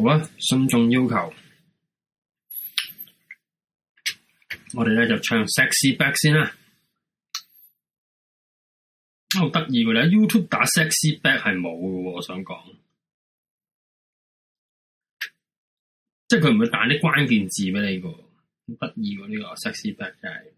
好啊，慎重要求，我哋咧就唱 sexy back 先啦。好得意㗎咧，YouTube 打 sexy back 係冇嘅喎，我想講，即係佢唔會打啲關鍵字俾你嘅，好得意喎呢個 sexy back 真係。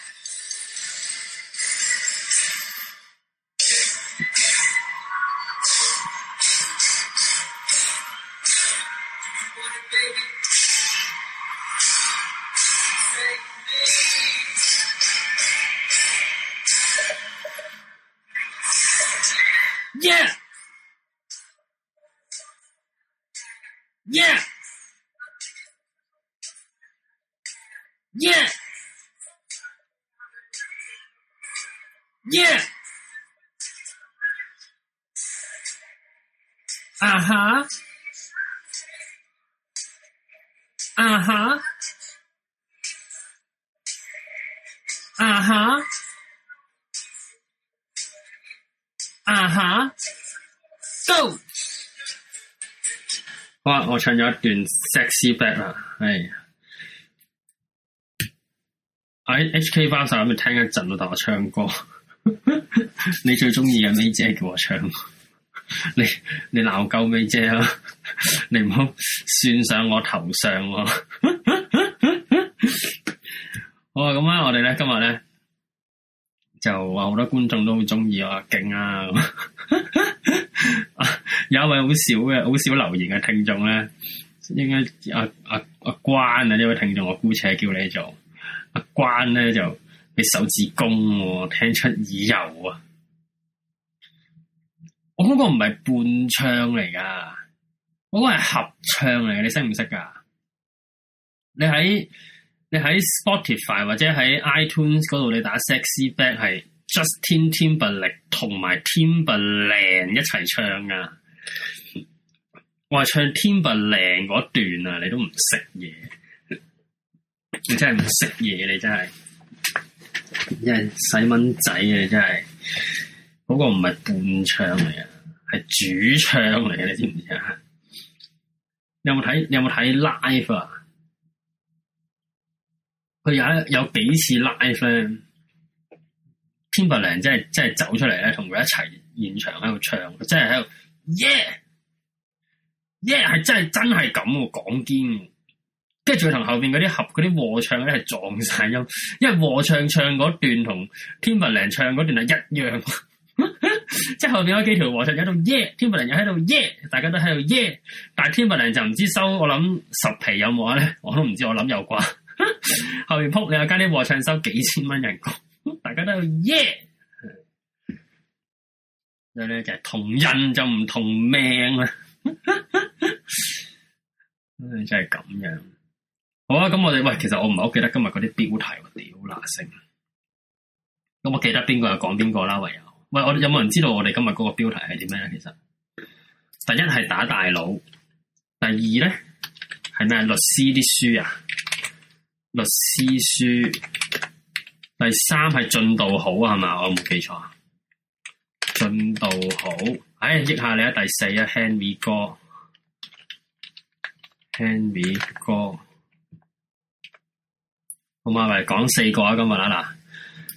啊哈！啊哈！啊哈！啊哈！Go！好啊，我唱咗一段 sexy back 啦，哎喺 HK 包場咁聽一陣咯，同我唱歌， 你最中意嘅 m a 妹姐叫我唱。你你鬧夠未啫？你唔好算上我頭上喎。好啊，咁啊，我哋咧今日咧就話好多觀眾都好中意我，勁啊！咁有一位好少嘅好少留言嘅聽眾咧，應該阿阿阿關啊，呢位聽眾，我姑且叫你做阿、啊、關咧，就你手指公，聽出耳油啊！我嗰個唔係伴唱嚟噶，我嗰個係合唱嚟嘅，你識唔識噶？你喺你喺 Spotify 或者喺 iTunes 嗰度，你打 sexy back 係 Justin Timberlake 同埋 Timberland 一齊唱噶。我係唱 Timberland 嗰一段啊，你都唔識嘢，你真係唔識嘢，你真係真係細蚊仔啊！真係，嗰個唔係伴唱嚟嘅。係主唱嚟嘅，你知唔知啊？你有冇睇？你有冇睇 live 啊？佢有有幾次 live 咧，天伯娘真係真係走出嚟咧，同佢一齊現場喺度唱，真係喺度耶耶，係、yeah! yeah! 真係真係咁喎。講堅。跟住最同後邊嗰啲合嗰啲和唱咧，係撞晒音， 因為和唱唱嗰段同天伯娘唱嗰段係一樣。 即係後邊有幾條和尚喺度耶，天佛人又喺度耶，大家都喺度耶，但係天佛人就唔知收我諗十皮有冇啊？我都唔知，我諗有啩。 後邊撲你又加啲和尚收幾千蚊人工， 大家都喺度耶。嗱呢就係同人就唔同命啊、 哎！真係咁樣。好啊，咁我哋喂，其實我唔係好記得今日嗰啲標題屌嗱聲。咁我，我記得邊個又講邊個啦，唯有。喂，我哋有冇人知道我哋今日嗰個標題係啲咩咧？其實第一係打大佬，第二咧係咩？律師啲書啊，律師書。第三係進度好係嘛？我冇記錯。進度好，唉、哎，益下你啊！第四啊，Henry 哥，Henry 哥，好嘛？咪講四個啊！今日啦，嗱。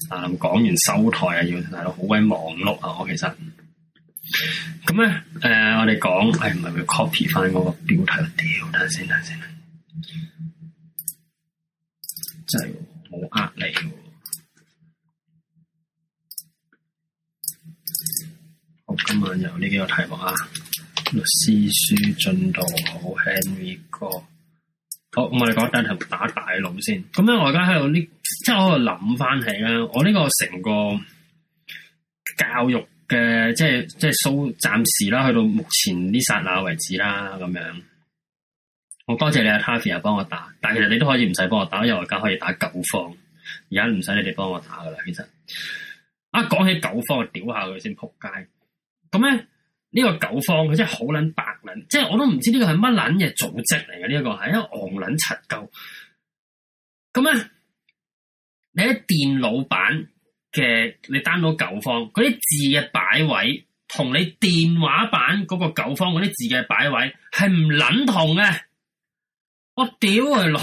啊！講完收台啊，要大佬好鬼忙碌啊，我其實咁咧，誒、呃，我哋講係唔係會 copy 翻嗰個標題？屌、嗯，等先，等先，真係冇呃你喎！好，今晚有呢幾個題目啊，律師書進度好 Henry 哥，好，我哋講第一題打大佬先。咁咧，我而家喺度呢？即係我喺度諗翻起啦，我呢個成個教育嘅，即係即係蘇暫時啦，去到目前呢剎那為止啦，咁樣。我多謝你阿 Taffy 又幫我打，但係其實你都可以唔使幫我打，因為我而家可以打九方，而家唔使你哋幫我打噶啦。其實，啊講起九方，我屌下佢先仆街。咁咧呢個九方佢真係好撚白撚，即係我都唔知呢個係乜撚嘅組織嚟嘅呢一個，係一個戇撚七鳩。咁咧。你喺電腦版嘅你單到九方，嗰啲字嘅擺位同你電話版嗰個九方嗰啲字嘅擺位係唔捻同嘅。我屌佢老，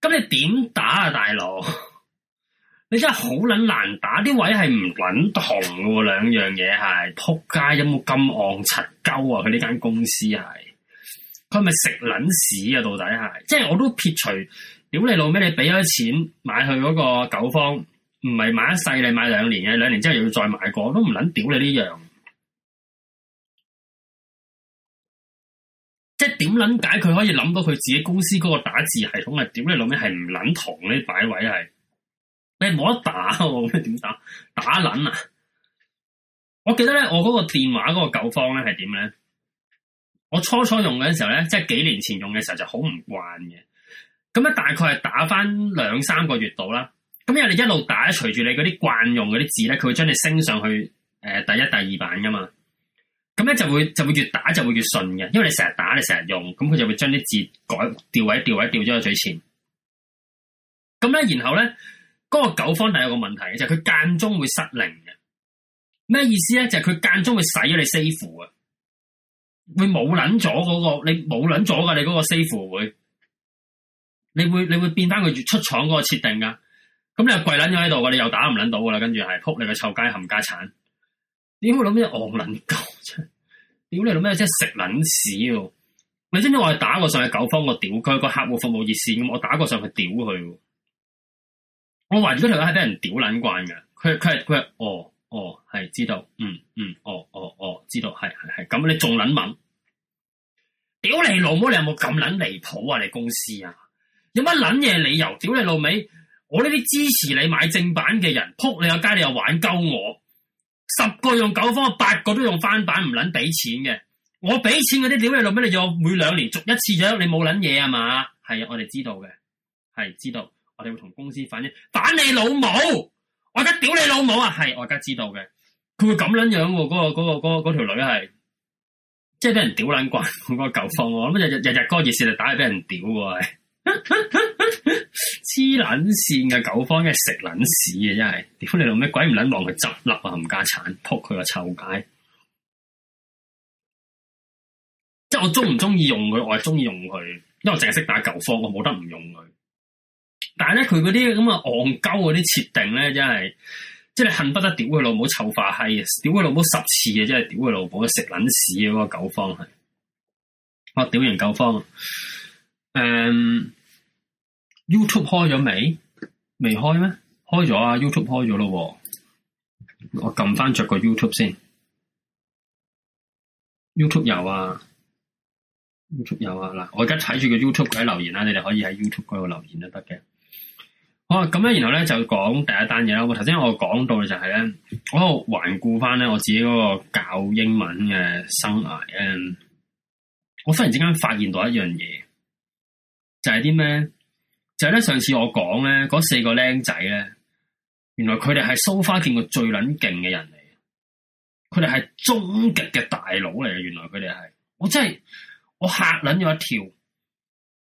咁 你點打啊大佬？你真係好捻難打，啲位係唔捻同嘅。兩樣嘢係扑街，有冇咁戇柒鳩啊？佢呢間公司係，佢係咪食捻屎啊？到底係，即係我都撇除。屌你老味，你俾咗錢買去嗰個九方，唔係買一世，你買兩年嘅，兩年之後又要再買過，都唔捻屌你呢樣！即係點捻解佢可以諗到佢自己公司嗰個打字系統係？屌你老味，係唔捻同呢擺位係？你冇得打，啊，我咩點打？打捻啊！我記得咧，我嗰個電話嗰個九方咧係點咧？我初初用嘅時候咧，即係幾年前用嘅時候就好唔慣嘅。咁咧大概係打返兩三個月到啦，咁因為你一路打，隨住你嗰啲慣用嗰啲字咧，佢會將你升上去誒、呃、第一、第二版噶嘛。咁咧就會就會越打就會越順嘅，因為你成日打，你成日用，咁佢就會將啲字改掉在，位、調位、調咗去最前。咁咧，然後咧，嗰、那個九方第有個問題嘅，就係佢間中會失靈嘅。咩意思咧？就係佢間中會洗咗你 save 啊，會冇捻咗嗰個，你冇捻咗噶，你嗰個 save 會。你會你會變翻佢越出廠嗰個設定噶，咁你又貴卵咗喺度噶，你又打唔卵到噶啦，跟住係撲你個臭街冚家鏟，你喺度諗咩？戇卵鳩，啫。屌你諗咩？即係食卵屎喎！你知唔知我係打過上去九方個屌佢個客戶服務熱線，我打過上去屌佢！我懷疑呢條友係俾人屌卵慣㗎。佢佢佢，哦哦，係知道，嗯嗯，哦哦哦，知道係係咁，你仲卵敏？屌你老母！你有冇咁卵離譜啊？你公司啊？有乜撚嘢理由？屌你老味！我呢啲支持你買正版嘅人，扑你個街，你又玩鳩我。十個用九方，八個都用翻版，唔捻俾錢嘅。我俾錢嗰啲，屌你老味，你又每兩年續一次咗，你冇捻嘢啊嘛？係我哋知道嘅，係知道，我哋會同公司反映。反你老母！我而家屌你老母啊！係我而家知道嘅，佢會咁捻樣？嗰、嗰個嗰、嗰個嗰嗰條女係，即係俾人屌捻慣，嗰 個九方，我日日日日熱線就打，係俾人屌嘅。黐捻線嘅狗方，一係食捻屎嘅，真係屌你老咩鬼唔捻望佢執笠啊！冚家產扑佢個臭街， 即係我中唔中意用佢？我係中意用佢，因為我淨係識打狗方，我冇得唔用佢。但係咧，佢嗰啲咁嘅戇鳩嗰啲設定咧，真係即係恨不得屌佢老母臭化閪，屌佢老母十次啊！真係屌佢老母食捻屎啊！嗰個狗方係我屌完狗方。誒，um,YouTube 開咗未？未開咩？開咗啊！YouTube 開咗咯，我撳翻着個 YouTube 先。YouTube 有啊，YouTube 有啊，YouTube 有啊，嗱，我而家睇住個 YouTube 喺留言啦，你哋可以喺 YouTube 嗰度留言都得嘅。好啊，咁咧，然後咧就講第一單嘢啦。我頭先我講到嘅就係咧，我喺度環顧翻咧我自己嗰個教英文嘅生涯，um, 我忽然之間發現到一樣嘢。就係啲咩？就係咧。上次我講咧，嗰四個僆仔咧，原來佢哋係蘇花見過最撚勁嘅人嚟，佢哋係終極嘅大佬嚟。原來佢哋係我真係我嚇撚咗一跳，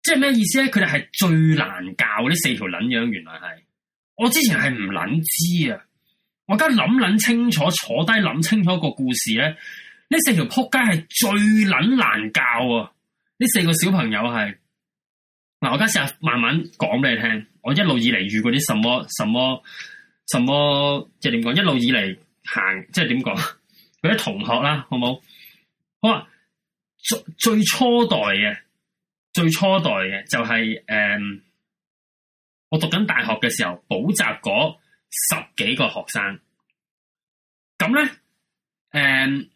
即係咩意思咧？佢哋係最難教呢四條撚樣，原來係我之前係唔撚知啊。我而家諗諗清楚，坐低諗清楚一個故事咧，呢四條仆街係最撚難教啊！呢四個小朋友係。嗱，我而家試下慢慢講俾你聽，我一路以嚟遇過啲什麼什麼什麼，即係點講？一路以嚟行，即係點講？嗰啲同學啦，好冇？好啊最最初代嘅，最初代嘅就係、是、誒、嗯，我讀緊大學嘅時候，補習嗰十幾個學生，咁咧誒，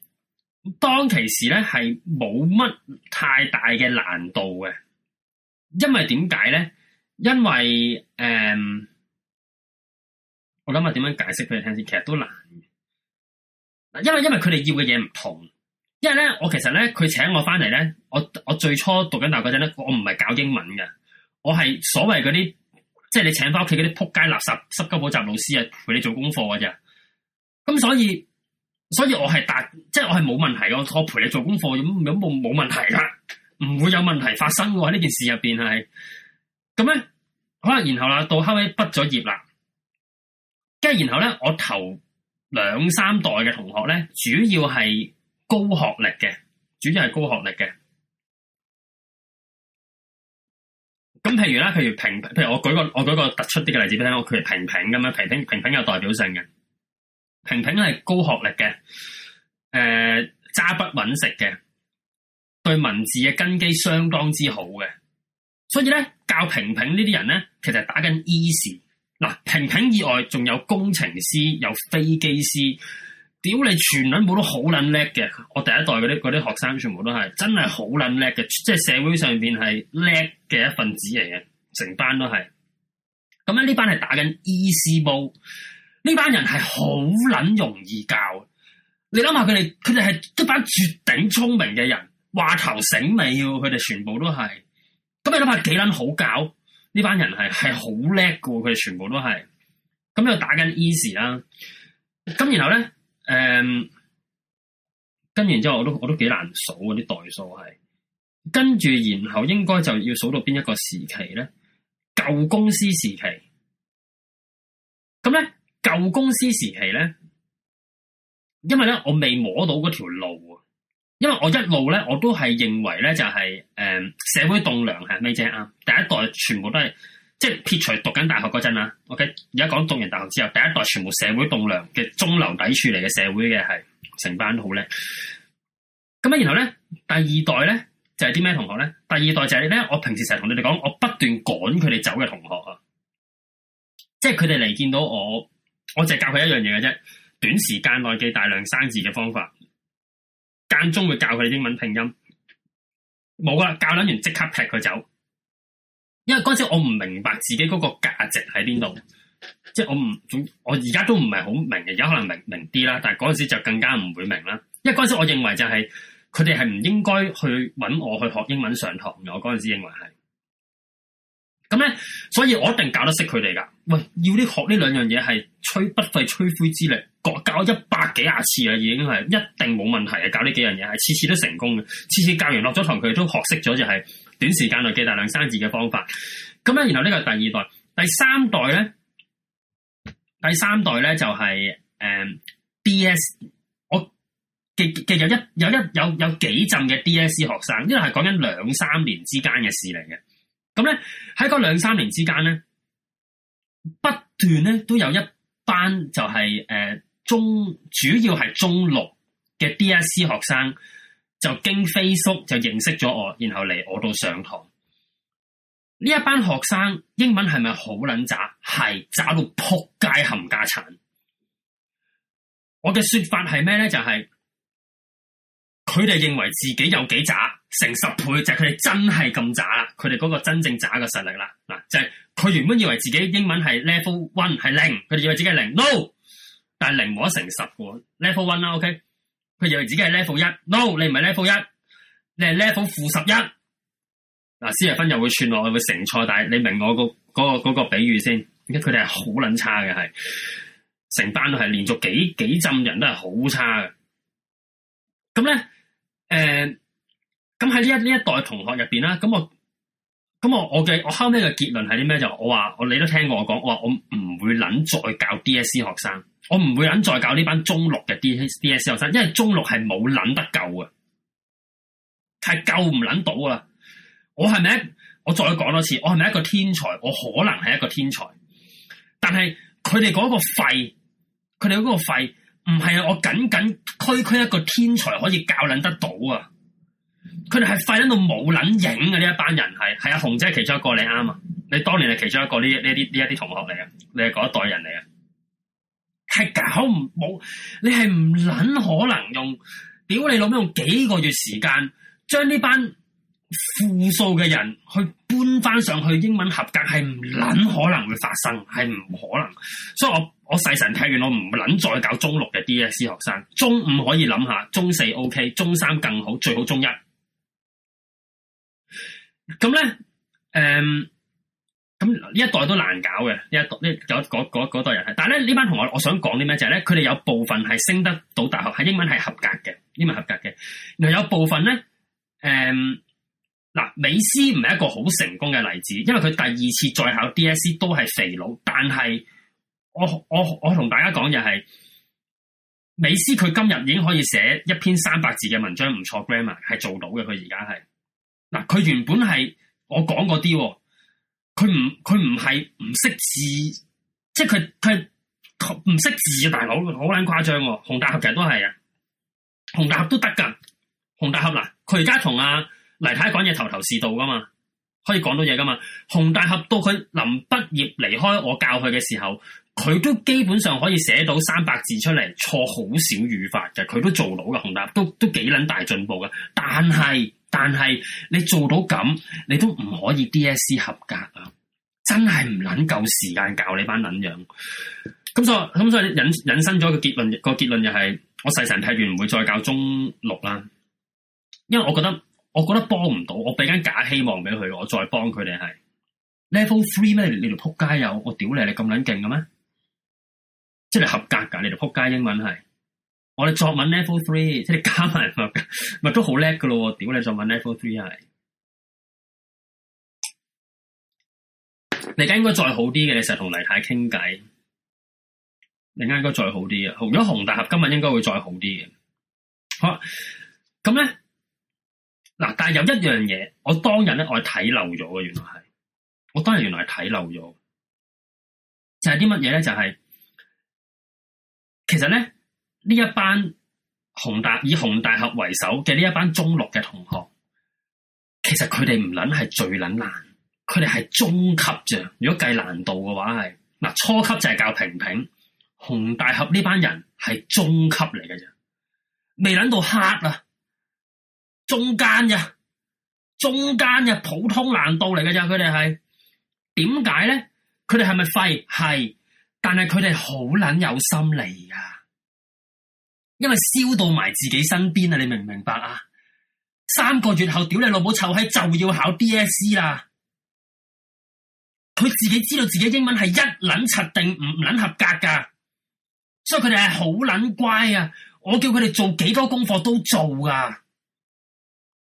當其時咧係冇乜太大嘅難度嘅。因為點解咧？因為誒、嗯，我諗下點樣解釋俾你聽先。其實都難。因為因為佢哋要嘅嘢唔同。因為咧，我其實咧，佢請我翻嚟咧，我我最初讀緊大學嗰陣咧，我唔係教英文嘅，我係所謂嗰啲，即係你請翻屋企嗰啲扑街垃圾濕鳩補習老師啊，陪你做功課嘅啫。咁所以，所以我係大，即係我係冇問題咯，我我陪你做功課，咁咁冇冇問題啦。唔會有問題發生嘅喎，喺呢件事入面係咁咧，可能然後啦，到後尾畢咗業啦，跟住然後咧，我頭兩三代嘅同學咧，主要係高學歷嘅，主要係高學歷嘅。咁譬如咧，譬如平，譬如我舉個我舉個突出啲嘅例子俾你聽，我佢平平咁樣，平平平平有代表性嘅，平平係高學歷嘅，誒揸筆揾食嘅。對文字嘅根基相當之好嘅，所以咧教平平這些人呢啲人咧，其實係打緊 easy 嗱，平平以外，仲有工程師，有飛機師，屌你全捻冇都好捻叻嘅。我第一代嗰啲嗰啲學生全部都係真係好捻叻嘅，即係社會上邊係叻嘅一份子嚟嘅，成班都係。咁樣呢班係打緊 easy 煲，呢班人係好捻容易教。你諗下佢哋，佢哋係一班絕頂聰明嘅人。話頭醒尾喎，佢哋全部都係，咁你諗下幾捻好搞？呢班人係係好叻嘅，佢哋全部都係，咁又打緊、e、easy 啦。咁然後咧，誒、嗯，跟完之後我都我都幾難數啊啲代數係。跟住然後應該就要數到邊一個時期咧？舊公司時期。咁咧，舊公司時期咧，因為咧我未摸到嗰條路。因為我一路咧，我都係認為咧，就係、是、誒、嗯、社會棟樑係咩啫？啊？第一代全部都係即係撇除讀緊大學嗰陣啦，我而家講讀完大學之後，第一代全部社會棟樑嘅中流砥柱嚟嘅，社會嘅係成班都好叻。咁啊，然後咧第二代咧就係啲咩同學咧？第二代就係咧我平時成日同你哋講，我不斷趕佢哋走嘅同學啊，即係佢哋嚟見到我，我淨係教佢一樣嘢嘅啫，短時間內嘅大量生字嘅方法。間中會教佢英文拼音，冇啦，教兩完即刻劈佢走，因為嗰陣時我唔明白自己嗰個價值喺邊度，即係我唔，我而家都唔係好明嘅，有可能明明啲啦，但係嗰陣時就更加唔會明啦，因為嗰陣時我認為就係佢哋係唔應該去揾我去學英文上堂嘅，我嗰陣時認為係。咁咧，所以我一定教得識佢哋噶。喂，要啲學呢兩樣嘢，係吹不費吹灰之力，各教一百幾廿次嘅已經係一定冇問題嘅。教呢幾樣嘢，係次次都成功嘅，次次教完落咗堂，佢都學識咗，就係短時間內記大量生字嘅方法。咁咧，然後呢個係第二代、第三代咧，第三代咧就係、是、誒、嗯、D.S. 我嘅嘅有一有一有有幾陣嘅 D.S. 學生，呢個係講緊兩三年之間嘅事嚟嘅。咁咧喺嗰兩三年之間咧，不斷咧都有一班就係、是、誒、呃、中主要係中六嘅 DSE 學生，就經飛叔就認識咗我，然後嚟我度上堂。呢一班學生英文係咪好撚渣？係渣到撲街冚家產。我嘅説法係咩咧？就係、是。佢哋認為自己有幾渣，成十倍就係佢哋真係咁渣啦，佢哋嗰個真正渣嘅實力啦，嗱就係、是，佢原本以為自己英文係 level one 係零，佢哋以為自己係零，no，但係零冇得成十個 level one 啦，ok，佢以為自己係 level 一，no，你唔係 level 一，啊，你係 level 負十一，嗱，斯亞芬又會串落去會成錯，但係你明我個、嗰個、嗰個比喻先，而家佢哋係好撚差嘅，係成班都係連續幾幾陣人都係好差嘅，咁咧。誒，咁喺呢一呢一代同學入邊啦。咁我，咁我我嘅我後尾嘅結論係啲咩？就我話我你都聽過我講，我話我唔會撚再教 D S C 學生，我唔會撚再教呢班中六嘅 D D S C 學生，因為中六係冇撚得救啊，係救唔撚到啊！我係咪？我再講多次，我係咪一個天才？我可能係一個天才，但係佢哋嗰個肺，佢哋嗰個肺。唔係啊！我僅僅區區一個天才可以教捻得到啊！佢哋係快到冇捻影嘅呢一班人，係係啊，紅姐其中一個你啱啊！你當年係其中一個呢呢啲呢一啲同學嚟啊！你係嗰一代人嚟啊！係搞唔冇，你係唔捻可能用，屌你老母用幾個月時間將呢班負數嘅人去搬翻上去英文合格係唔捻可能會發生，係唔可能，所以我。我細神睇完，我唔諗再搞中六嘅 D.S.C. 學生，中五可以諗下，中四 O.K.，中三更好，最好中一呢、嗯。咁、嗯、咧，誒，咁呢一代都難搞嘅，呢一代呢，嗰嗰嗰嗰代人。但係咧，呢班同學，我想講啲咩就係咧，佢哋有部分係升得到大學，係英文係合格嘅，英文合格嘅，然後有部分咧，誒，嗱，美斯唔係一個好成功嘅例子，因為佢第二次再考 D.S.C. 都係肥佬，但係。我我我同大家講就係美斯佢今日已經可以寫一篇三百字嘅文章唔錯 grammar 係做到嘅佢而家係嗱佢原本係我講嗰啲佢唔佢唔係唔識字即係佢佢唔識字啊大佬好撚誇張洪大俠其實都係啊洪大俠都得噶洪大俠嗱佢而家同阿黎太講嘢頭頭是道噶嘛。可以講到嘢噶嘛？洪大俠到佢臨畢業離開我教佢嘅時候，佢都基本上可以寫到三百字出嚟，錯好少語法嘅，佢都做到嘅。洪大俠都都幾捻大進步嘅，但係但係你做到咁，你都唔可以 DSE 合格啊！真係唔捻夠時間教你班捻樣。咁所以咁所以引引申咗個結論，個結論就係、是、我誓神睇完唔會再教中六啦，因為我覺得。我覺得幫唔到，我俾間假希望俾佢，我再幫佢哋係 level three 咩？你條撲街有我屌你，你咁撚勁嘅咩？即係你合格噶，你條撲街英文係我哋作文 level three，即係加埋合格，咪都好叻噶咯？屌你作文 level three 係，你而家 應該再好啲嘅，你成日同黎太傾偈，你而家應該再好啲嘅，如果熊大俠今日應該會再好啲嘅。好啦，咁咧。嗱，但係有一樣嘢，我當日咧我係睇漏咗嘅，原來係我當日原來係睇漏咗，就係啲乜嘢咧？就係、是、其實咧呢一班紅大以紅大俠為首嘅呢一班中六嘅同學，其實佢哋唔捻係最捻難，佢哋係中級啫。如果計難度嘅話，係嗱初級就係教平平，紅大俠呢班人係中級嚟嘅啫，未捻到黑啊！中間嘅，中間嘅普通難度嚟嘅咋？佢哋係點解咧？佢哋係咪廢？係，但係佢哋好捻有心嚟啊！因為燒到埋自己身邊啊！你明唔明白啊？三個月後，屌你老母臭閪就要考 DSE 啦！佢自己知道自己英文係一捻七定唔捻合格噶，所以佢哋係好捻乖啊！我叫佢哋做幾多功課都做啊！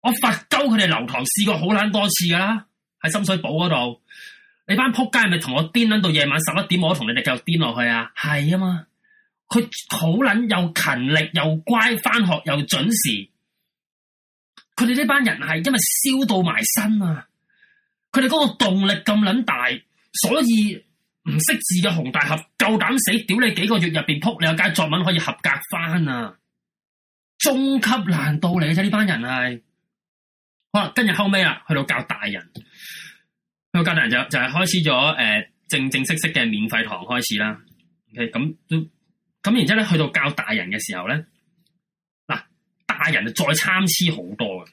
我發鳩佢哋留堂試過好捻多次噶啦，喺深水埗嗰度，你班撲街係咪同我癲捻到夜晚十一點，我同你哋繼續癲落去啊？係啊嘛，佢好捻又勤力又乖，翻學又準時。佢哋呢班人係因為燒到埋身啊，佢哋嗰個動力咁捻大，所以唔識字嘅熊大俠夠膽死，屌你幾個月入邊撲你有街作文可以合格翻啊，中級難度嚟嘅啫，呢班人係。好，跟住後尾啊，去到教大人，去到教大人就就係開始咗誒、呃、正正式式嘅免費堂開始啦。OK，咁咁然之後咧，去到教大人嘅時候咧，嗱、啊，大人就再參差好多嘅，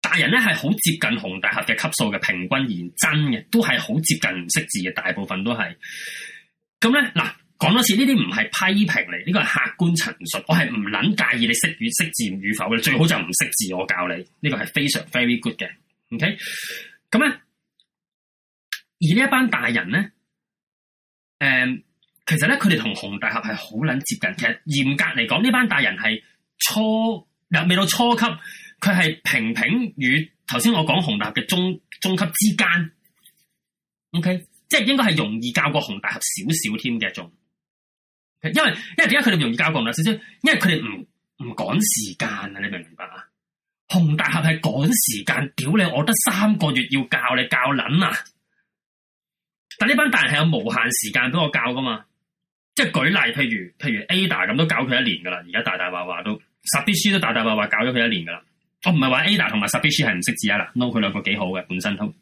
大人咧係好接近紅大俠嘅級數嘅，平均而言真嘅，都係好接近唔識字嘅，大部分都係。咁咧嗱。啊講多次呢啲唔係批評嚟，呢個係客觀陳述。我係唔捻介意你識與識字與否咧，最好就唔識字。我教你，呢個係非常 very good 嘅。OK，咁咧，而呢一班大人咧，誒、嗯，其實咧佢哋同紅大俠係好捻接近。其實嚴格嚟講，呢班大人係初入未到初級，佢係平平與頭先我講紅大俠嘅中中級之間。OK，即係應該係容易教過紅大俠少少添嘅仲。因為因為點解佢哋容易教過唔得先？因為佢哋唔唔趕時間啊！你明唔明白啊？紅大俠係趕時間，屌你！我得三個月要教你教撚啊！但呢班大人係有無限時間俾我教噶嘛？即係舉例，譬如，譬如 Ada 咁都教佢一年噶啦，而家大大話話都十筆書都大大話話教咗佢一年噶啦。我唔係話 Ada 同埋十筆書係唔識字啊！嗱，no，佢兩個幾好嘅本身都誒、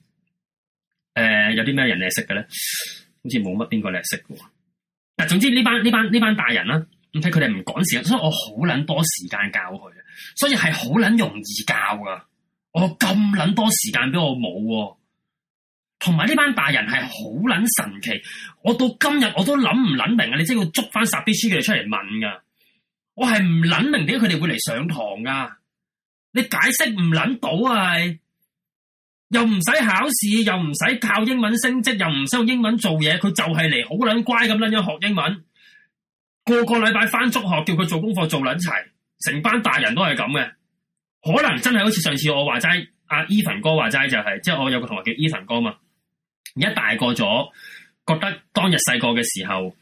呃，有啲咩人你識嘅咧？好似冇乜邊個你識嘅。總之呢班呢班呢班大人啦、啊，唔睇佢哋唔講事，所以我好捻多時間教佢，所以係好捻容易教噶。我咁捻多時間俾我冇，同埋呢班大人係好捻神奇，我到今日我都諗唔捻明啊！你真係要捉翻十啲書佢哋出嚟問噶，我係唔捻明點解佢哋會嚟上堂噶，你解釋唔捻到啊！又唔使考試，又唔使靠英文升職，又唔使用，用英文做嘢，佢就係嚟好卵乖咁樣樣學英文。個個禮拜翻足學，叫佢做功課做卵齊，成班大人都係咁嘅。可能真係好似上次我話齋，阿、啊、Evan 哥話齋就係、是，即係我有個同學叫 Evan 哥嘛。而家大個咗，覺得當日細個嘅時候，誒、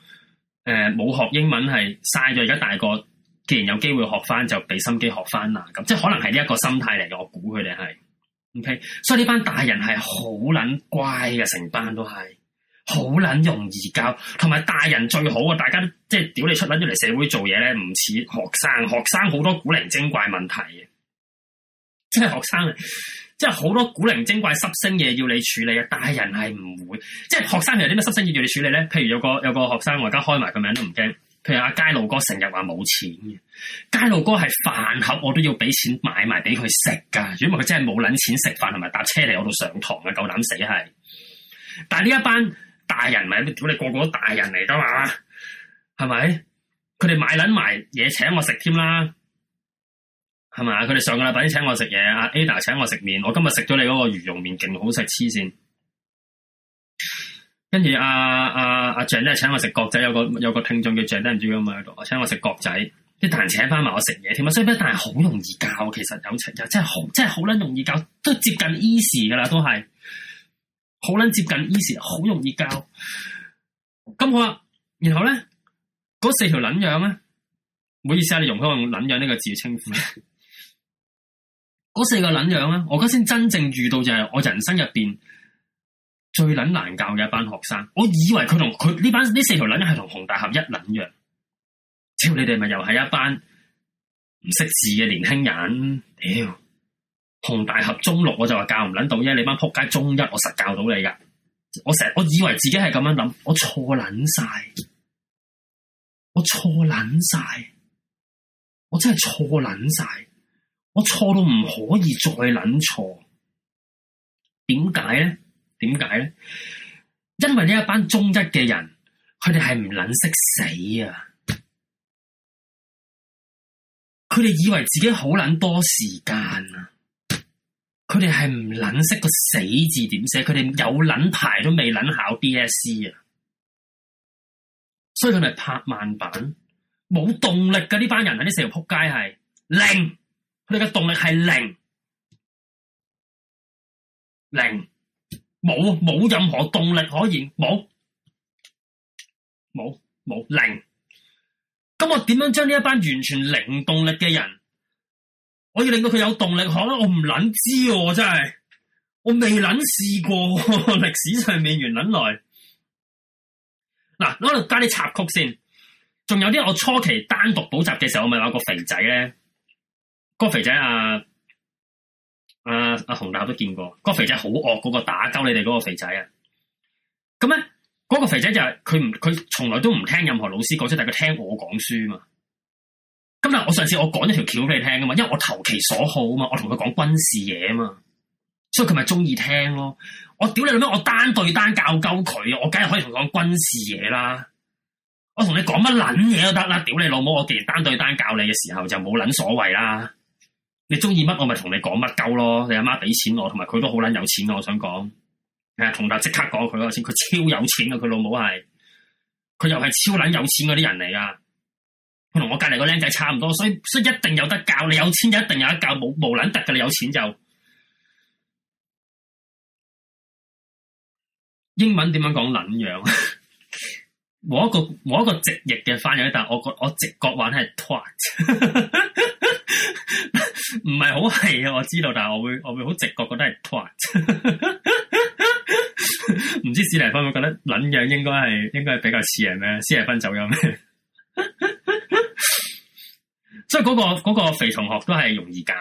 呃，冇學英文係嘥咗，而家大個，既然有機會學翻，就俾心機學翻啦。咁即係可能係呢一個心態嚟嘅，我估佢哋係。Okay? 所以呢班大人係好捻乖嘅，成班都係好捻容易教，同埋大人最好啊！大家都即係屌你出捻住嚟社會做嘢咧，唔似學生，學生好多古靈精怪問題嘅，即係學生，即係好多古靈精怪濕星嘢要你處理啊！大人係唔會，即係學生有啲咩濕星嘢要你處理咧？譬如有個有個學生，我而家開埋個名都唔驚。譬如阿街路哥成日話冇錢嘅，街路哥係飯盒，我都要俾錢買埋俾佢食噶，如果唔係佢真係冇捻錢食飯同埋搭車嚟我度上堂嘅，夠膽死係！但係呢一班大人唔係，如果你個個都大人嚟噶嘛，係咪？佢哋買捻埋嘢請我食添啦，係咪啊？佢哋上個禮拜請我食嘢，阿 Ada 請我食麵，我今日食咗你嗰個魚蓉麵，勁好食，黐線。跟住阿阿阿 jean 請我食角仔，有個有個聽眾叫 jean 咧，唔知點解喺度，我請我食角仔，啲大人請翻埋我食嘢添啊！所以咧，但係好容易教，其實有情又真係好，真係好捻容易教，都接近 easy 噶啦，都係好捻接近 easy，好容易教。咁好啦，然後咧，嗰四條捻樣咧，唔好意思啊，你容許我用捻樣呢個字稱呼咧，嗰 四個捻樣咧，我而家先真正遇到就係我人生入邊。最捻難教嘅一班學生，我以為佢同佢呢班呢四條捻嘢，係同熊大俠一捻樣。屌你哋咪又係一班唔識字嘅年輕人。屌熊大俠中六，我就話教唔捻到啫。你班僕街中一，我實教到你噶。我成日我以為自己係咁樣諗，我錯捻晒，我錯捻晒，我真係錯捻晒，我錯到唔可以再捻錯。點解咧？點解咧？因為呢一班中一嘅人，佢哋係唔捻識死啊！佢哋以為自己好捻多時間啊！佢哋係唔捻識個死字點寫，佢哋有捻排都未捻考 D.S.C. 啊！所以佢咪拍慢版冇動力嘅呢班人喺呢四條撲街係零，佢哋嘅動力係零，零。冇冇任何動力可言，冇冇冇零。咁我點樣將呢一班完全零動力嘅人，我要令到佢有動力可，我唔捻知喎，真係我未捻試過，歷史上面原捻來。嗱，攞哋加啲插曲先，仲有啲我初期單獨補習嘅時候，我咪有個肥仔咧，個肥仔啊。阿阿洪大都見過，個肥仔好惡嗰個打鳩你哋嗰個肥仔啊，咁咧嗰個肥仔就係佢唔佢從來都唔聽任何老師講出，但係佢聽我講書嘛。咁但我上次我講一條橋俾你聽啊嘛，因為我投其所好啊嘛，我同佢講軍事嘢啊嘛，所以佢咪中意聽咯。我屌你老母，我單對單教鳩佢，我梗係可以同佢講軍事嘢啦。我同你講乜撚嘢都得啦，屌你老母，我既然單對單教你嘅時候就冇撚所謂啦。你中意乜我咪同你講乜鳩咯，你阿媽俾錢我，同埋佢都好捻有錢嘅，我想講，誒，同大即刻講佢嗰先，佢超有錢嘅，佢老母係，佢又係超捻有錢嗰啲人嚟噶，佢同我隔籬個僆仔差唔多，所以所以一定有得教，你有錢就一定有得教，冇冇捻得嘅，你有錢就，英文點樣講捻樣？ 我一個我一個直譯嘅翻譯，但係我覺我直覺話係 twat，唔係好係啊，我知道，但係我會我會好直覺覺得係 twat，唔知史麗芬會覺得卵樣應該係應該係比較似人咩？史麗芬走音咩？所以嗰、嗰個、嗰個肥同學都係容易教。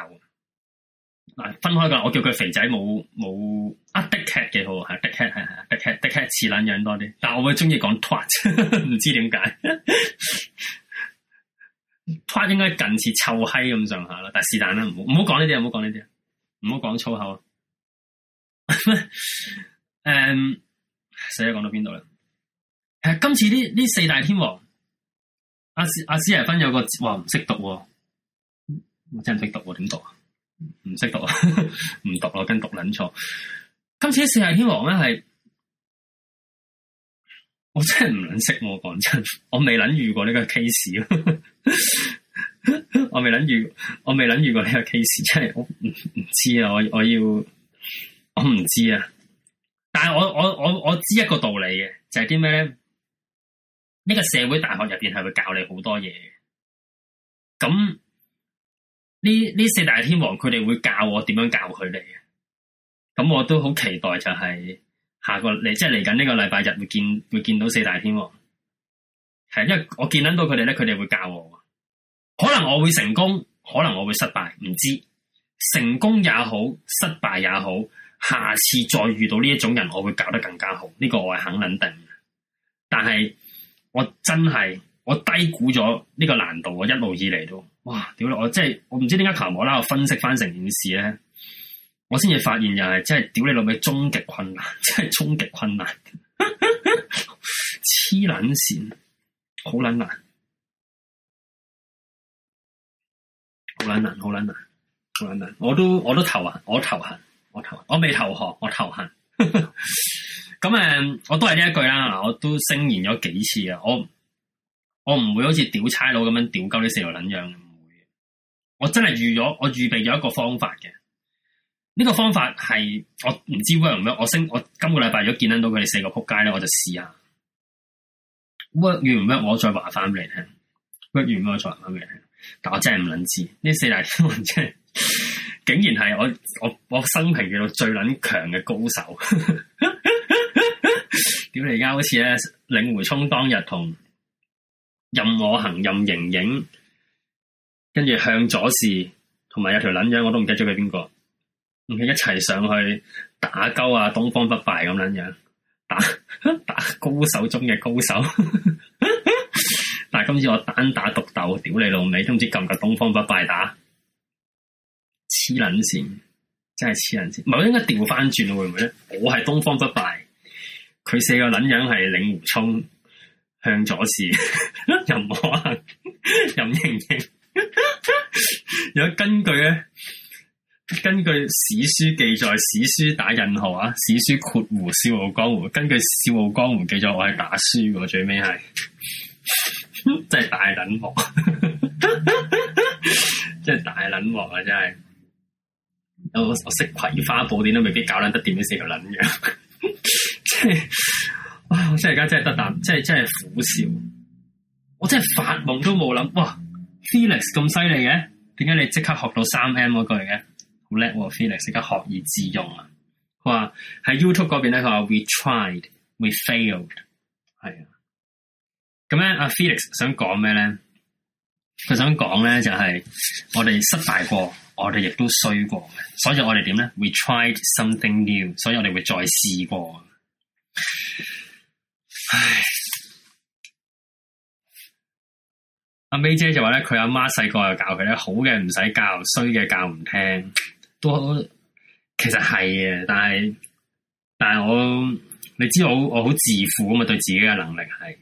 嗱，分開講，我叫佢肥仔，冇冇阿的 cat 幾好啊，的 cat 係係的 cat 的 cat 似撚樣多啲，但我會中意講 twat，唔知點解 twat 應該近似臭閪咁上下啦，但係是但啦，唔好唔好講呢啲，唔好講呢啲，唔好講粗口。誒、嗯，死啦，講到邊度啦？誒，今次呢呢四大天王，阿阿史提芬有個話唔識讀，我、哦、真唔識讀，點讀啊？唔識讀，唔 讀我跟讀捻錯。今次四大天王咧係，我真係唔捻識我講真，我未捻遇過呢個 case 我未捻遇，我未捻遇過呢個 case，真係我唔唔知啊！我我要我唔知啊！但係我我我我知一個道理嘅，就係啲咩咧？呢個社會大學入邊係會教你好多嘢嘅，咁。呢呢四大天王佢哋會教我點樣教佢哋嘅，咁我都好期待就係下個嚟即係嚟緊呢個禮拜日會見會見到四大天王，係因為我見得到佢哋咧，佢哋會教我，可能我會成功，可能我會失敗，唔知成功也好，失敗也好，下次再遇到呢一種人，我會搞得更加好，呢個我係肯肯定。但係我真係我低估咗呢個難度，我一路以嚟都。哇！屌你，我即係我唔知點解求唔我啦，我分析翻成件事咧，我先至發現又係真係屌你老味終極困難，真係終極困難，黐捻線，好捻難，好捻難，好捻難，好捻難，我都我都投啊，我投行，我投，我未投降，我投啊，咁誒，我都係呢一句啦，我都聲言咗幾次啊，我我唔會好似屌差佬咁樣屌鳩呢四條捻樣。我真係預咗，我預備咗一個方法嘅。呢個方法係我唔知 work 唔 work，我升我今個禮拜如果見得到佢哋四個仆街咧，我就試下 work 完唔 work, work，我再話翻俾你聽。work 完唔 work，再話翻俾你聽。但我真係唔捻知，呢四大天王真係竟然係我我我生平遇到最捻強嘅高手。屌你而家好似咧，令狐沖當日同任我行任盈盈。跟住向左氏同埋有條撚樣，我都唔記得咗佢邊個，唔係一齊上去打鳩啊！東方不敗咁樣打，打高手中嘅高手， 但係今次我單打獨鬥，屌你老味，都唔知撳架東方不敗打，黐撚線，真係黐撚線。唔係我應該調返轉，會唔會咧？我係東方不敗，佢四個撚樣係令狐沖、向左氏， 又唔可能，又唔認，認。有根據咧，根據史書記載，史書打引號啊，史書括弧《笑傲江湖》，根據《笑傲江湖》記載，我係打輸，最尾係真係大冷鑊，真係大冷鑊啊！真係，我我識《葵花寶典》都未必搞捻得掂呢四個捻樣，即係哇！我真係而家真係得啖，真係真係苦笑，我真係發夢都冇諗哇！Felix 咁犀利嘅，點解你即刻學到三 M 嗰句嘅？好叻，Felix 即刻學以致用啊！佢話喺 YouTube 嗰邊咧，佢話 We tried, we failed，係啊。咁咧，阿 Felix 想講咩咧？佢想講咧就係、是、我哋失敗過，我哋亦都衰過，所以我哋點咧？We tried something new，所以我哋會再試過。唉阿 May 姐就話咧，佢阿媽細個又教佢咧，好嘅唔使教，衰嘅教唔聽，都，都其實係嘅。但係但係我，你知道我好自負啊嘛，對自己嘅能力係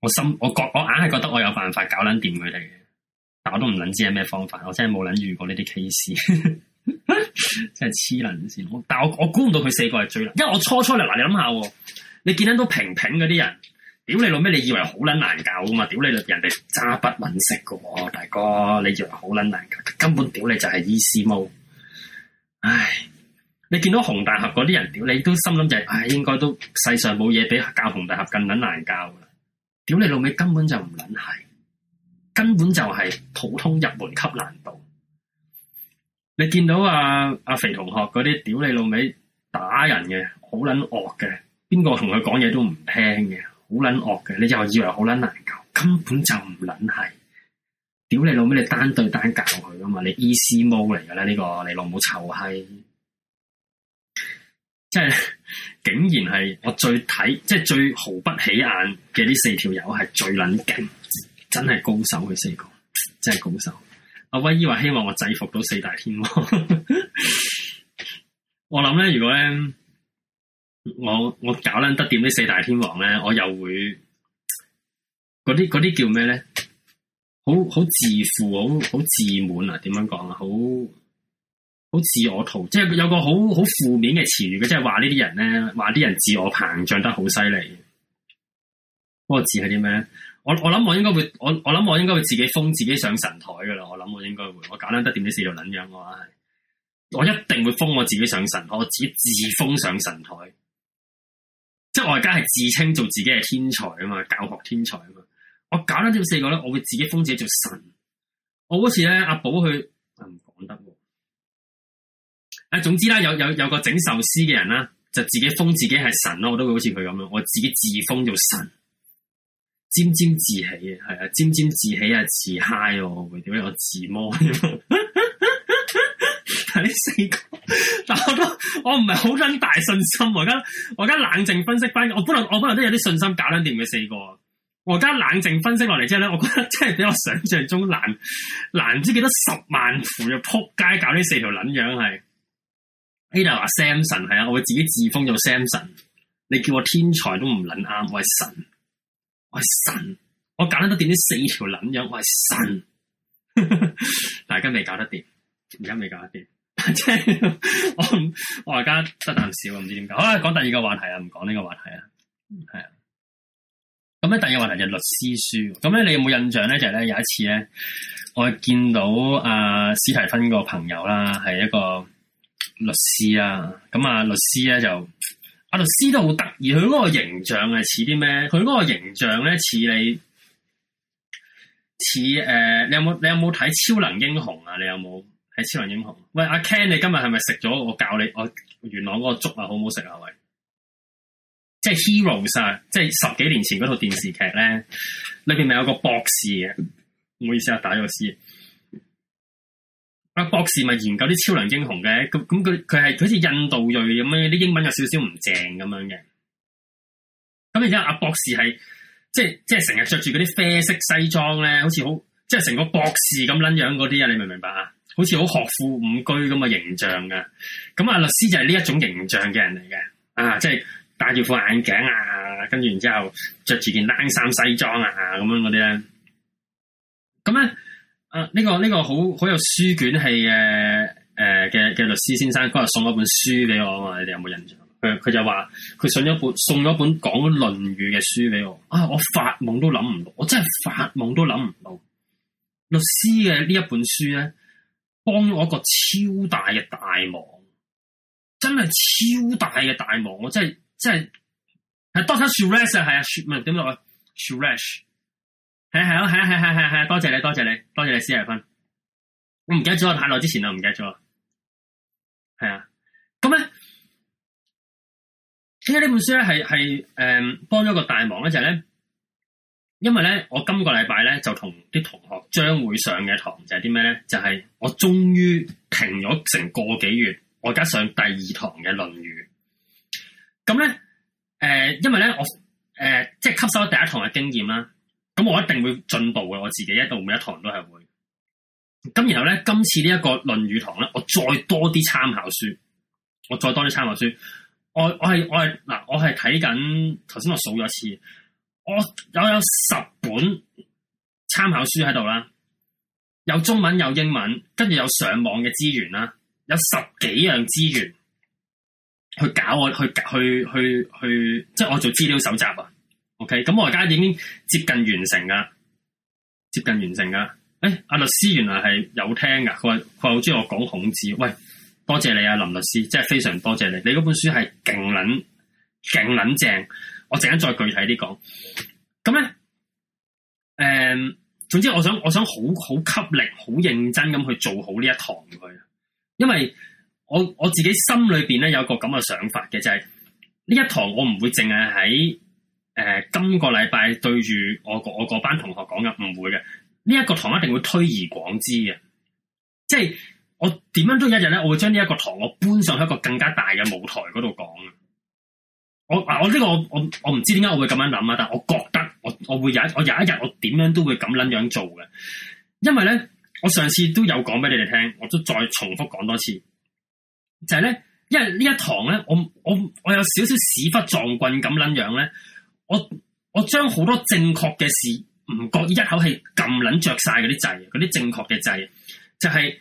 我心我覺我硬係覺得我有辦法搞捻掂佢哋，但我都唔捻知係咩方法，我真係冇捻遇過呢啲 case，真係痴捻先。但係我我估唔到佢四個係最難，因為我初初嚟嗱，你諗下，你見到都平平嗰啲人。屌你老味？你以為好捻難教噶嘛？屌你，人哋揸筆揾食噶，大哥，你以為好捻難教？根本屌你就係 easy mode。唉，你見到紅大俠嗰啲人屌你都心諗就係唉，應該都世上冇嘢比教紅大俠更捻難教啦。屌你老味根本就唔捻係，根本就係普通入門級難度。你見到阿阿肥同學嗰啲屌你老味打人嘅，好捻惡嘅，邊個同佢講嘢都唔聽嘅。好撚惡嘅，你又以為好撚難教，根本就唔撚係，屌你老味，你單對單教佢噶嘛，你 easy mode 嚟噶啦，呢個你老母臭閪， 即係竟然係我最睇，即係最毫不起眼嘅呢四條友係最撚勁，真係高手佢四個，真係高手。阿威 以為希望我制服到四大天王， 我諗咧，如果咧。我我搞捻得掂呢四大天王咧，我又會嗰啲嗰啲叫咩咧？好好自負、好好自滿啊！點樣講啊？好好自我陶，即係有個好好負面嘅詞語嘅，即係話呢啲人咧，話啲人自我膨脹得好犀利。嗰個字係啲咩？我我諗我應該會，我我諗我應該會自己封自己上神台噶啦。我諗我應該會，我搞捻得掂呢四條撚樣。我係我一定會封我自己上神我自己自封上神台。即係我而家係自稱做自己係天才啊嘛，教學天才啊嘛，我搞得呢四個咧，我會自己封自己做神，我好似咧阿寶佢唔講得喎，啊，啊總之啦，有有有個整壽司嘅人啦，就自己封自己係神咯，我都好似佢咁樣，我自己自封做神，沾沾自喜啊，係啊，沾沾自喜啊，自嗨 i g h 哦，為自摸？ 呢四個，但係我都我唔係好捻大信心。我而家我而家冷靜分析翻，我本來我本來都有啲信心搞得掂嘅四個。我而家冷靜分析落嚟之後咧，我覺得真係比我想象中難難，唔知幾多十萬符就撲街搞呢四條捻樣係。呢度話 Samson 係啊，我會自己自封做 Samson，你叫我天才都唔捻啱，我係神，我係神，我搞得掂呢四條捻樣，我係神。大家未搞得掂，而家未搞得掂。即係 我我而家得啖笑，唔知點解。好啦，講第二個話題啊，唔講呢個話題啊，係啊。咁咧第二個話題就係律師書。咁咧你有冇印象咧？就係、是、咧有一次咧，我見到阿史提芬個朋友啦，係一個律師啊。咁啊，律師咧就阿、啊、律師都好得意。佢嗰個形象係似啲咩？佢嗰個形象咧似你似誒、呃？你有冇你有冇睇超能英雄啊？你有冇？係超能英雄。喂，阿 Ken，你今日係咪食咗我教你我元朗嗰個粥啊？好唔好食啊？喂，即係 Heroes 啊，即係十幾年前嗰套電視劇咧，裏邊咪有一個博士嘅。唔好意思啊，打咗錯字。阿博士咪研究啲超能英雄嘅。咁咁佢佢係好似印度裔咁樣，啲英文有少少唔正咁樣嘅。咁而且阿、啊、博士係即係即係成日着住嗰啲啡色西裝咧，好似好即係成個博士咁捻樣嗰啲啊！你明唔明白啊？好似好學富五居咁嘅形象嘅，咁阿律師就係呢一種形象嘅人嚟嘅，啊，即係戴住副眼鏡啊，跟住然之後着住件冷衫西裝啊，咁樣嗰啲咧，咁咧，啊，呢個呢個好好有書卷氣嘅，誒嘅嘅律師先生，嗰日送咗本書俾我啊，你哋有冇印象？佢佢就話佢送咗本送咗本講論語嘅書俾我啊，我發夢都諗唔到，我真係發夢都諗唔到，律師嘅呢一本書咧。幫咗我一個超大嘅大忙，真係超大嘅大忙，我真係真係係多謝 Shuresh 啊，係啊，唔點落去 Shuresh，係啊係啊係啊係啊係啊，多謝你多謝你多謝你司儀分，我唔記得咗太耐之前啦，唔記得咗，係啊，咁咧點解呢本書咧係係誒幫咗個大忙咧就係咧。因為咧，我今個禮拜咧就同啲同學將會上嘅堂就係啲咩咧？就係、是、我終於停咗成個幾月，我而家上第二堂嘅《論語》。咁咧，誒，因為咧，我、呃、誒，即係吸收第一堂嘅經驗啦。咁我一定會進步嘅，我自己，一度每一堂都係會。咁然後咧，今次呢一個《論語》堂咧，我再多啲參考書，我再多啲參考書。我我係我係嗱，我係睇緊頭先我數咗一次。我有有十本參考書喺度啦，有中文有英文，跟住有上網嘅資源啦，有十幾樣資源去搞我去去去去，即係我做資料搜集啊。OK，咁我而家已經接近完成噶，接近完成噶。誒、哎，阿律師原來係有聽噶，佢話佢好中意我講孔子。喂，多謝你啊，林律師，真係非常多謝你。你嗰本書係勁捻勁捻正。厲害，厲害我陣間再具體啲講，咁咧，誒、呃，總之我想我想好好吸力，好認真咁去做好呢一堂佢，因為我我自己心裏邊咧有個咁嘅想法嘅，就係呢一堂我唔會淨係喺誒今個禮拜對住我我嗰班同學講嘅，唔會嘅，呢一個堂一定會推而廣之嘅，即係我點樣都有一日咧，我會將呢一個堂我搬上一個更加大嘅舞台嗰度講啊。我啊，我呢、這個我我唔知點解我會咁樣諗啊，但係我覺得我我會有我有一日我點樣都會咁捻樣做嘅，因為咧我上次都有講俾你哋聽，我都再重複講多次，就係咧，因為一呢一堂咧，我我我有少少屎忽撞棍咁捻樣咧，我我將好多正確嘅事唔覺一口氣撳捻着晒嗰啲掣，嗰啲正確嘅掣，就係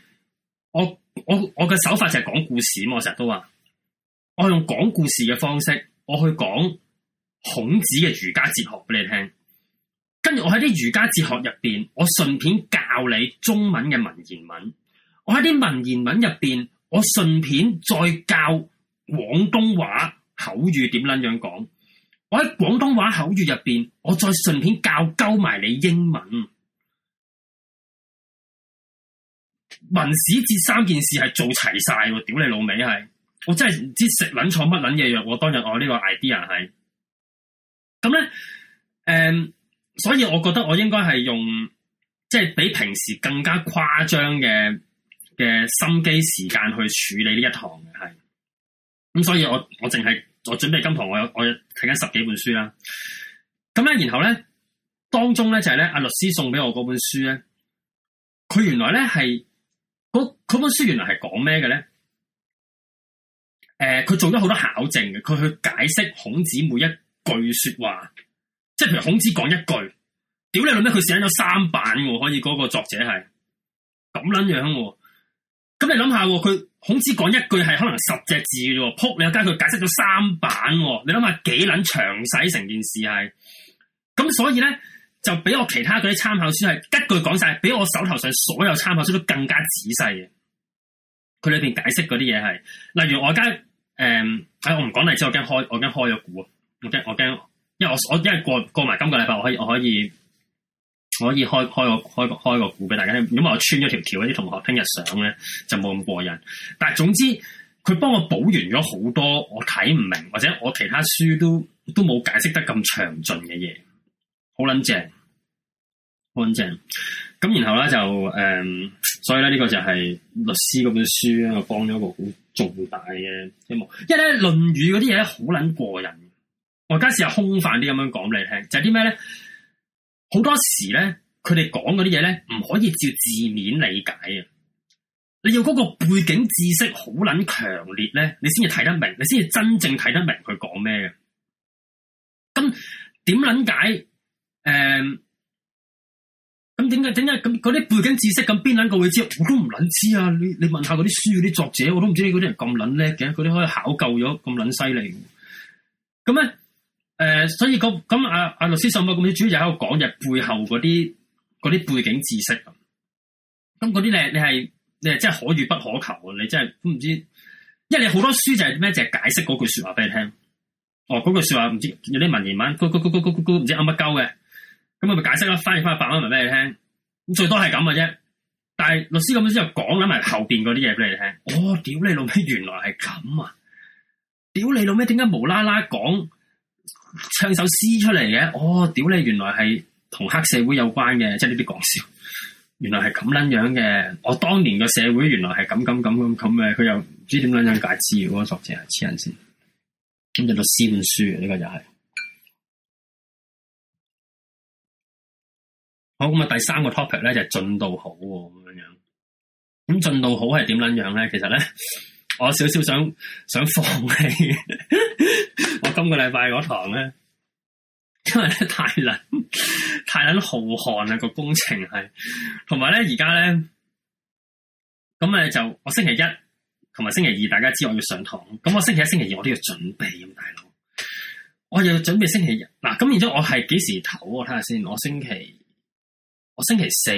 我我我嘅手法就係講故事咁啊，我成日都話我用講故事嘅方式。我去講孔子嘅儒家哲學俾你聽，跟住我喺啲儒家哲學入邊，我順便教你中文嘅文言文。我喺啲文言文入邊，我順便再教廣東話口語點撚樣講。我喺廣東話口語入邊，我再順便教鳩埋你英文、文史、哲三件事係做齊晒，屌你老味係。我真係唔知食撚錯乜撚嘢藥，當我當日我呢個 idea 係咁咧，誒、嗯，所以我覺得我應該係用即係、就是、比平時更加誇張嘅嘅心機時間去處理呢一堂嘅係，咁、嗯、所以我我淨係我準備今堂我有我睇緊十幾本書啦，咁咧然後咧當中咧就係咧阿律師送俾我嗰本書咧，佢原來咧係嗰嗰本書原來係講咩嘅咧？誒，佢、呃、做咗好多考證嘅，佢去解釋孔子每一句說話，即係譬如孔子講一句，屌你諗咩，佢寫咗三版，可以嗰個作者係咁捻樣、啊，咁你諗下，佢孔子講一句係可能十隻字嘅，扑你加佢解釋咗三版，你諗下幾捻詳細成件事係，咁所以咧就俾我其他嗰啲參考書係一句講晒，俾我手頭上所有參考書都更加仔細嘅，佢裏邊解釋嗰啲嘢係，例如我而家。誒，喺我唔講你知，我驚開，我驚開咗股啊！我驚，我驚，因為我我因為過過埋今個禮拜，我可以，我可以，我可以開開個開個開個股俾大家聽，因為我穿咗條條，啲同學聽日上咧就冇咁過癮。但係總之，佢幫我補完咗好多我睇唔明或者我其他書都都冇解釋得咁詳盡嘅嘢，好撚正，好撚正。咁然後咧就誒，um, 所以咧呢個就係律師嗰本書咧，我幫咗個股。重大嘅希望，因為咧《論語》嗰啲嘢好捻過癮。我而家試下空泛啲咁樣講俾你聽，就係啲咩咧？好多時咧，佢哋講嗰啲嘢咧，唔可以照字面理解。你要嗰個背景知識好捻強烈咧，你先至睇得明，你先至真正睇得明佢講咩嘅。咁點捻解？誒、呃。咁點解？點解咁嗰啲背景知識咁邊捻個人會知？我都唔捻知啊！你你問下嗰啲書嗰啲作者，我都唔知你嗰啲人咁捻叻嘅，嗰啲可以考究咗咁捻犀利。咁咧，誒、呃，所以咁阿阿律師書咁主要就喺度講日背後嗰啲嗰啲背景知識。咁嗰啲呢，你係你係真係可遇不可求啊！你真係都唔知，因為你好多書就係咩就係、是、解釋嗰句說話俾你聽。哦，嗰句說話唔知有啲文言文，嗰嗰嗰嗰唔知暗乜鳩嘅。咁我咪解釋啦，翻譯翻一百蚊文俾你聽。咁最多係咁嘅啫。但係律師咁樣之後講緊埋後邊嗰啲嘢俾你聽。哦，屌你老味，原來係咁啊！屌你老味，點解無啦啦講唱首詩出嚟嘅？哦，屌你，原來係同黑社會有關嘅，即係呢啲講笑。原來係咁捻樣嘅。我當年個社會原來係咁咁咁咁咁嘅。佢又唔知點捻樣解釋嘅。個作者係黐人先。咁就律師本書啊，呢個就係。好，咁啊！第三個 topic 咧就係進度好咁樣。咁進度好係點樣樣咧？其實咧，我有少少想想放棄。 我今個禮拜嗰堂咧，因為咧太捻太捻浩瀚呀。個工程係，同埋咧而家咧，咁啊就我星期一同埋星期二大家知我要上堂，咁我星期一、星期二我都要準備咁大佬，我又準備星期日嗱。咁然之我係幾時唞？我睇下先，我星期。我星期四，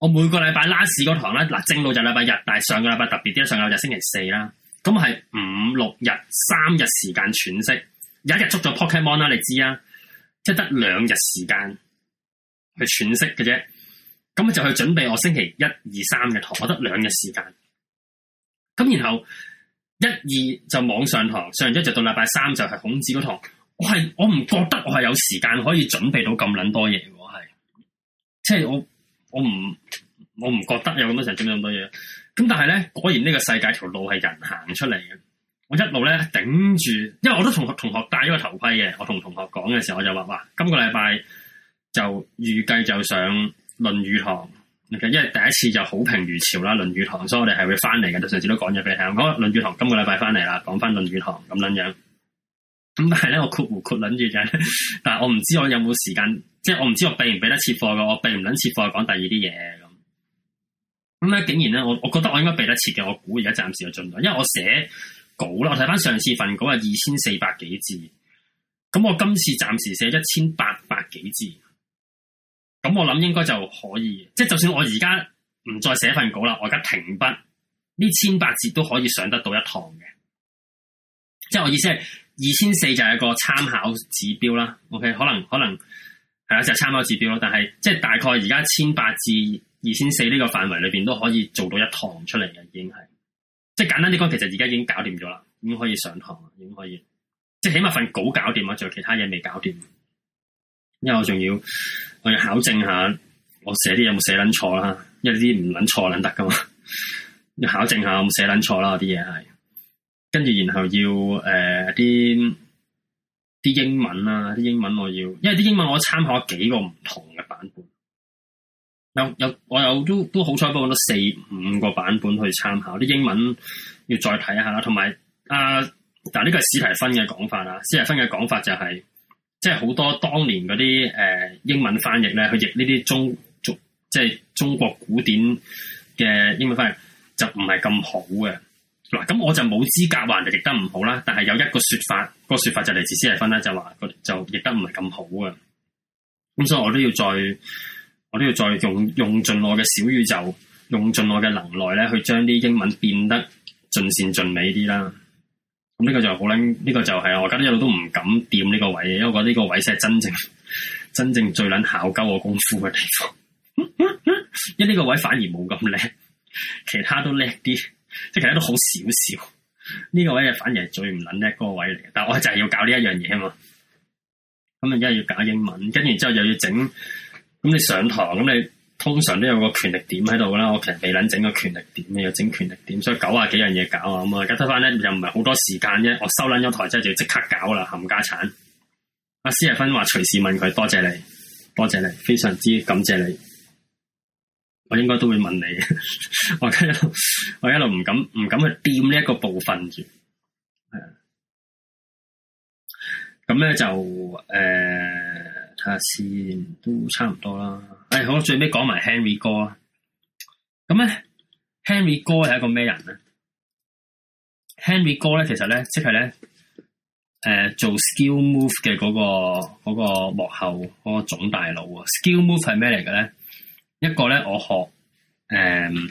我每個禮拜 last 個堂啦，嗱正路就禮拜日，但係上個禮拜特別啲，上個禮拜星期四啦，咁係五六日三日時間喘息，有一日捉咗 Pokemon 啦，你知啊，即係得兩日時間去喘息嘅啫，咁就去準備我星期一二三嘅堂，我得兩日時間，咁然後一二就網上堂，上完一就到禮拜三就係孔子嗰堂，我係我唔覺得我係有時間可以準備到咁捻多嘢。即係我，我唔，我唔覺得有咁多成做咁多嘢。咁但係咧，果然呢個世界條路係人行出嚟嘅。我一路咧頂住，因為我都同學同學戴咗個頭盔嘅。我同同學講嘅時候，我就話：哇今個禮拜就預計就上論語堂，因為第一次就好評如潮啦。論語堂，所以我哋係會翻嚟嘅。就上次都講咗俾你聽。講論語堂今個禮拜翻嚟啦，講翻論語堂咁樣樣。咁但係咧，我括弧括捻住就，但係我唔知我有冇時間。即係我唔知我避唔避得切貨嘅，我避唔捻切貨，講第二啲嘢咁。咁咧竟然咧，我我覺得我應該避得切嘅，我估而家暫時又進唔到，因為我寫稿啦，我睇翻上次份稿係二千四百幾字。咁我今次暫時寫一千八百幾字，咁我諗應該就可以。即係就算我而家唔再寫份稿啦，我而家停筆，呢千百字都可以上得到一堂嘅。即係我意思係二千四就係一個參考指標啦。OK，可能可能。係啊，就係參考指標咯，但係即係大概而家千八至二千四呢個範圍裏邊都可以做到一堂出嚟嘅，已經係即係簡單啲講，其實而家已經搞掂咗啦，已經可以上堂，已經可以即係起碼份稿搞掂啦，仲有其他嘢未搞掂，因為我仲要我要考證下我寫啲嘢有冇寫撚錯啦，因為啲唔撚錯撚得噶嘛，要考證下我有冇寫撚錯啦啲嘢係，跟住然後要誒啲。呃啲英文啊，啲英文我要，因為啲英文我參考幾個唔同嘅版本，有有我有都都好彩，幫我得四五個版本去參考啲英文，要再睇下，同埋啊，但係呢個係史提芬嘅講法啦，史提芬嘅講法就係、是，即係好多當年嗰啲誒英文翻譯咧，佢譯呢啲中中即係中國古典嘅英文翻譯就唔係咁好嘅。嗱，咁我就冇資格話人哋譯得唔好啦。但係有一個說法，個說法就嚟自斯蒂芬啦，就話就譯得唔係咁好嘅。咁所以我都要再，我都要再用用盡我嘅小宇宙，用盡我嘅能耐咧，去將啲英文變得盡善盡美啲啦。咁呢個就好撚，呢個就係我而家一路都唔敢掂呢個位，因為我覺得呢個位先係真正真正最撚考究我功夫嘅地方， 因為呢個位反而冇咁叻，其他都叻啲。即係其實都好少少，呢個位啊，反而係最唔撚叻嗰個位嚟。但係我係就係要搞呢一樣嘢啊嘛。咁而家要搞英文，跟住之後又要整。咁你上堂，咁你通常都有個權力點喺度啦。我其實未撚整個權力點，你要整權力點，所以九啊幾樣嘢搞啊。咁啊，而家得翻咧又唔係好多時間啫。我收撚咗台之後就要即刻搞啦。冚家產。阿施日芬話隨時問佢，多謝你，多謝你，非常之感謝你。我應該都會問你，我一路，我一路唔敢唔敢去掂呢一個部分住，係、嗯、啊。咁咧就誒睇下先，都差唔多啦。誒、哎、好，最尾講埋 Henry 哥啊。咁咧，Henry 哥係一個咩人咧？Henry 哥咧，其實咧，即係咧，誒、呃、做 Skill Move 嘅嗰個嗰個幕後嗰個總大佬啊。Skill Move 係咩嚟嘅咧？一個咧，我學誒，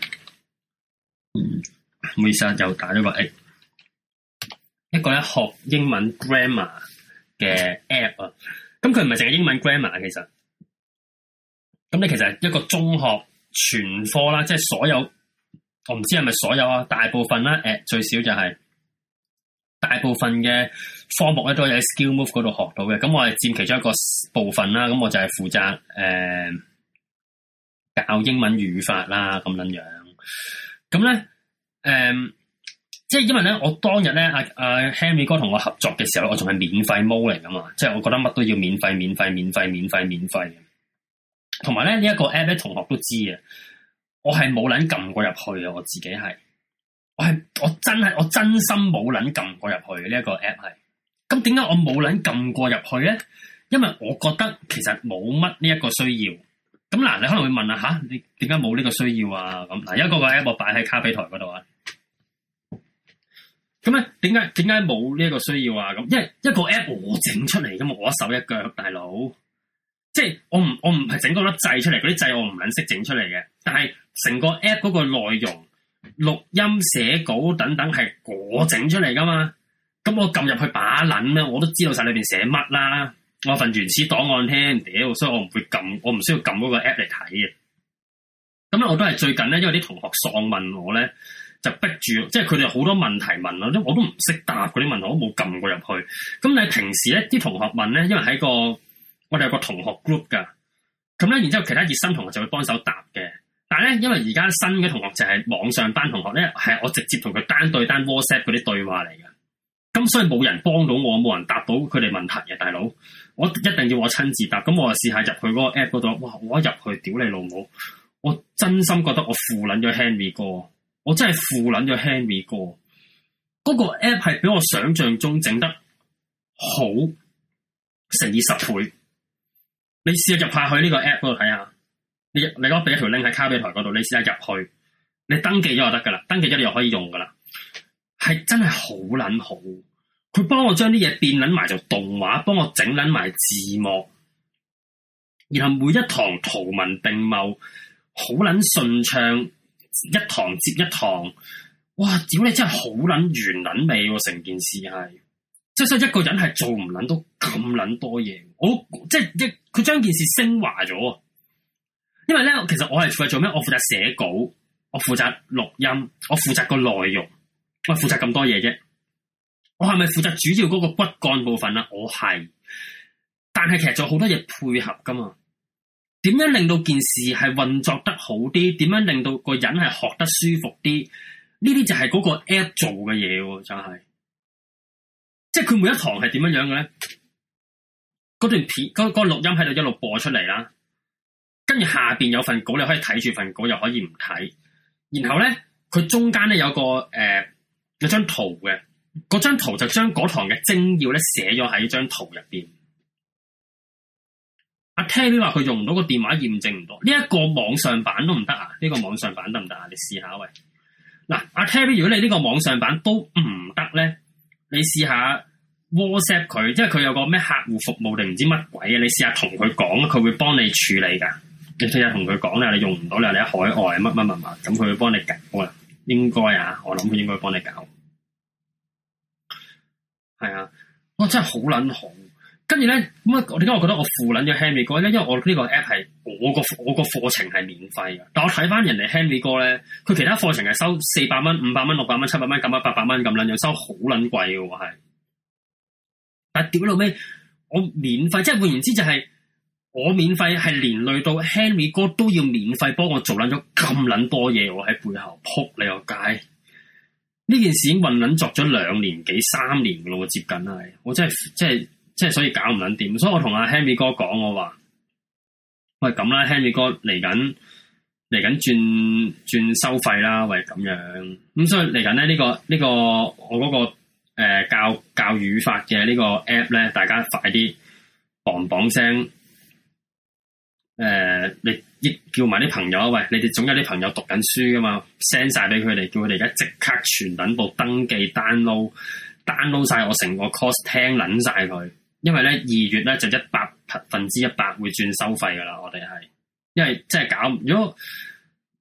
唔好意思啊，又打咗個 A，欸。一個咧學英文 grammar 嘅 app 啊，咁佢唔係淨係英文 grammar 啊，其實咁你其實係一個中學全科啦，即係所有我唔知係咪所有啊，大部分啦，誒最少就係大部分嘅科目咧都係喺 Skill Move 嗰度學到嘅，咁我係佔其中一個部分啦，咁我就係負責誒。教英文語法啦，咁樣樣咁咧，誒、嗯，即係因為咧，我當日咧，阿、啊、阿、啊、Henry 哥同我合作嘅時候，我仲係免費 model 嚟噶嘛，即係我覺得乜都要免費，免費，免費，免費，免費。同埋咧，呢一個 app 咧，同學都知啊，我係冇捻撳過入去啊，我自己係，我係我真係我真心冇捻撳過入去呢一個 app 係。咁點解我冇捻撳過入去咧？因為我覺得其實冇乜呢一個需要。咁嗱，你可能會問啊，吓，你點解冇呢個需要啊？咁嗱，一個個 app 我擺喺咖啡台嗰度啊。咁咧，點解點解冇呢一個需要啊？咁，因為一個 app 我整出嚟噶嘛，我一手一腳，大佬。即係我唔我唔係整嗰粒掣出嚟，嗰啲掣，我唔捻識整出嚟嘅。但係成個 app 嗰個內容、錄音、寫稿等等，係我整出嚟噶嘛。咁我撳入去把捻咧，我都知道晒裏邊寫乜啦。我份原始檔案聽，屌！所以我唔會撳，我唔需要撳嗰個 app 嚟睇嘅。咁咧，我都係最近咧，因為啲同學喪問我咧，就逼住，即係佢哋好多問題問我，都我都唔識答嗰啲問題，我都冇撳過入去。咁你平時咧，啲同學問咧，因為喺個我哋有個同學 group 㗎，咁咧，然之後其他熱心同學就會幫手答嘅。但係咧，因為而家新嘅同學就係、是、網上班同學咧，係我直接同佢單對單 WhatsApp 嗰啲對話嚟嘅。咁所以冇人幫到我，冇人答到佢哋問題嘅，大佬，我一定要我親自答。咁我就試下入去嗰個 app 嗰度，哇！我一入去屌你老母，我真心覺得我負捻咗 Henry 哥，我真係負捻咗 Henry 哥。嗰個 app 係比我想象中整得好成二十倍。你試下入下去呢個 app 嗰度睇下，你你俾一條 link 喺卡片台嗰度，你試下入去，你登記咗就得噶啦，登記咗你又可以用噶啦。係真係好捻好，佢幫我將啲嘢變捻埋做動畫，幫我整捻埋字幕，然後每一堂圖文並茂，好捻順暢，一堂接一堂，哇！屌你真係好捻完捻味，成件事係，即係一個人係做唔捻到咁捻多嘢，我即係一佢將件事升華咗，因為咧，其實我係負責做咩？我負責寫稿，我負責錄音，我負責個內容。喂，負責咁多嘢啫，我係咪負責主要嗰個骨幹部分啊？我係，但係其實仲有好多嘢配合噶嘛。點樣令到件事係運作得好啲？點樣令到個人係學得舒服啲？呢啲就係嗰個 app 做嘅嘢、啊，就係、是，即係佢每一堂係點樣樣嘅咧？嗰段片、嗰、嗰個錄音喺度一路播出嚟啦，跟住下邊有份稿，你可以睇住份稿，又可以唔睇。然後咧，佢中間咧有個誒。呃有張圖嘅，嗰張圖就將嗰堂嘅精要咧寫咗喺呢張圖入邊。阿 Terry 話佢用唔到個電話驗證唔到，呢一個網上版都唔得啊？呢個網上版得唔得啊？你試下喂。嗱，阿 Terry，如果你呢個網上版都唔得咧，你試下 WhatsApp 佢，因為佢有個咩客戶服務定唔知乜鬼啊？你試下同佢講，佢會幫你處理噶。你試下同佢講啦，你用唔到，你你喺海外乜乜乜乜，咁佢會幫你搞應該啊，我諗佢應該幫你搞，係啊，我真係好捻好。跟住咧，咁啊，點解我覺得我負捻咗 Henry 哥咧？因為我呢個 app 係我個我個課程係免費嘅，但我睇翻人哋 Henry 哥咧，佢其他課程係收四百蚊、五百蚊、六百蚊、七百蚊、九百、八百蚊咁捻樣，收好捻貴嘅喎係。但屌跌到尾，我免費，即係換言之就係、是。我免費係連累到 Henry 哥，都要免費幫我做捻咗咁捻多嘢，我喺背後扑你個街，呢件事已經混捻作咗兩年幾三年噶啦，我接近啦，我真係真係真係所以搞唔捻掂，所以我同阿 Henry 哥講、這個這個，我話喂，咁啦，Henry 哥嚟緊嚟緊轉轉收費啦，喂，咁樣咁所以嚟緊咧呢個呢個我嗰個誒教教語法嘅呢個 app 咧，大家快啲 bang bang 聲。棒棒聲誒、呃，你亦叫埋啲朋友啊，喂，你哋總有啲朋友讀緊書噶嘛，send 晒俾佢哋，叫佢哋而家即刻全等部登記 download，download 晒我成個 course 聽，捻晒佢，因為咧二月咧就一百百分之一百會轉收費噶啦，我哋係，因為真係搞，如果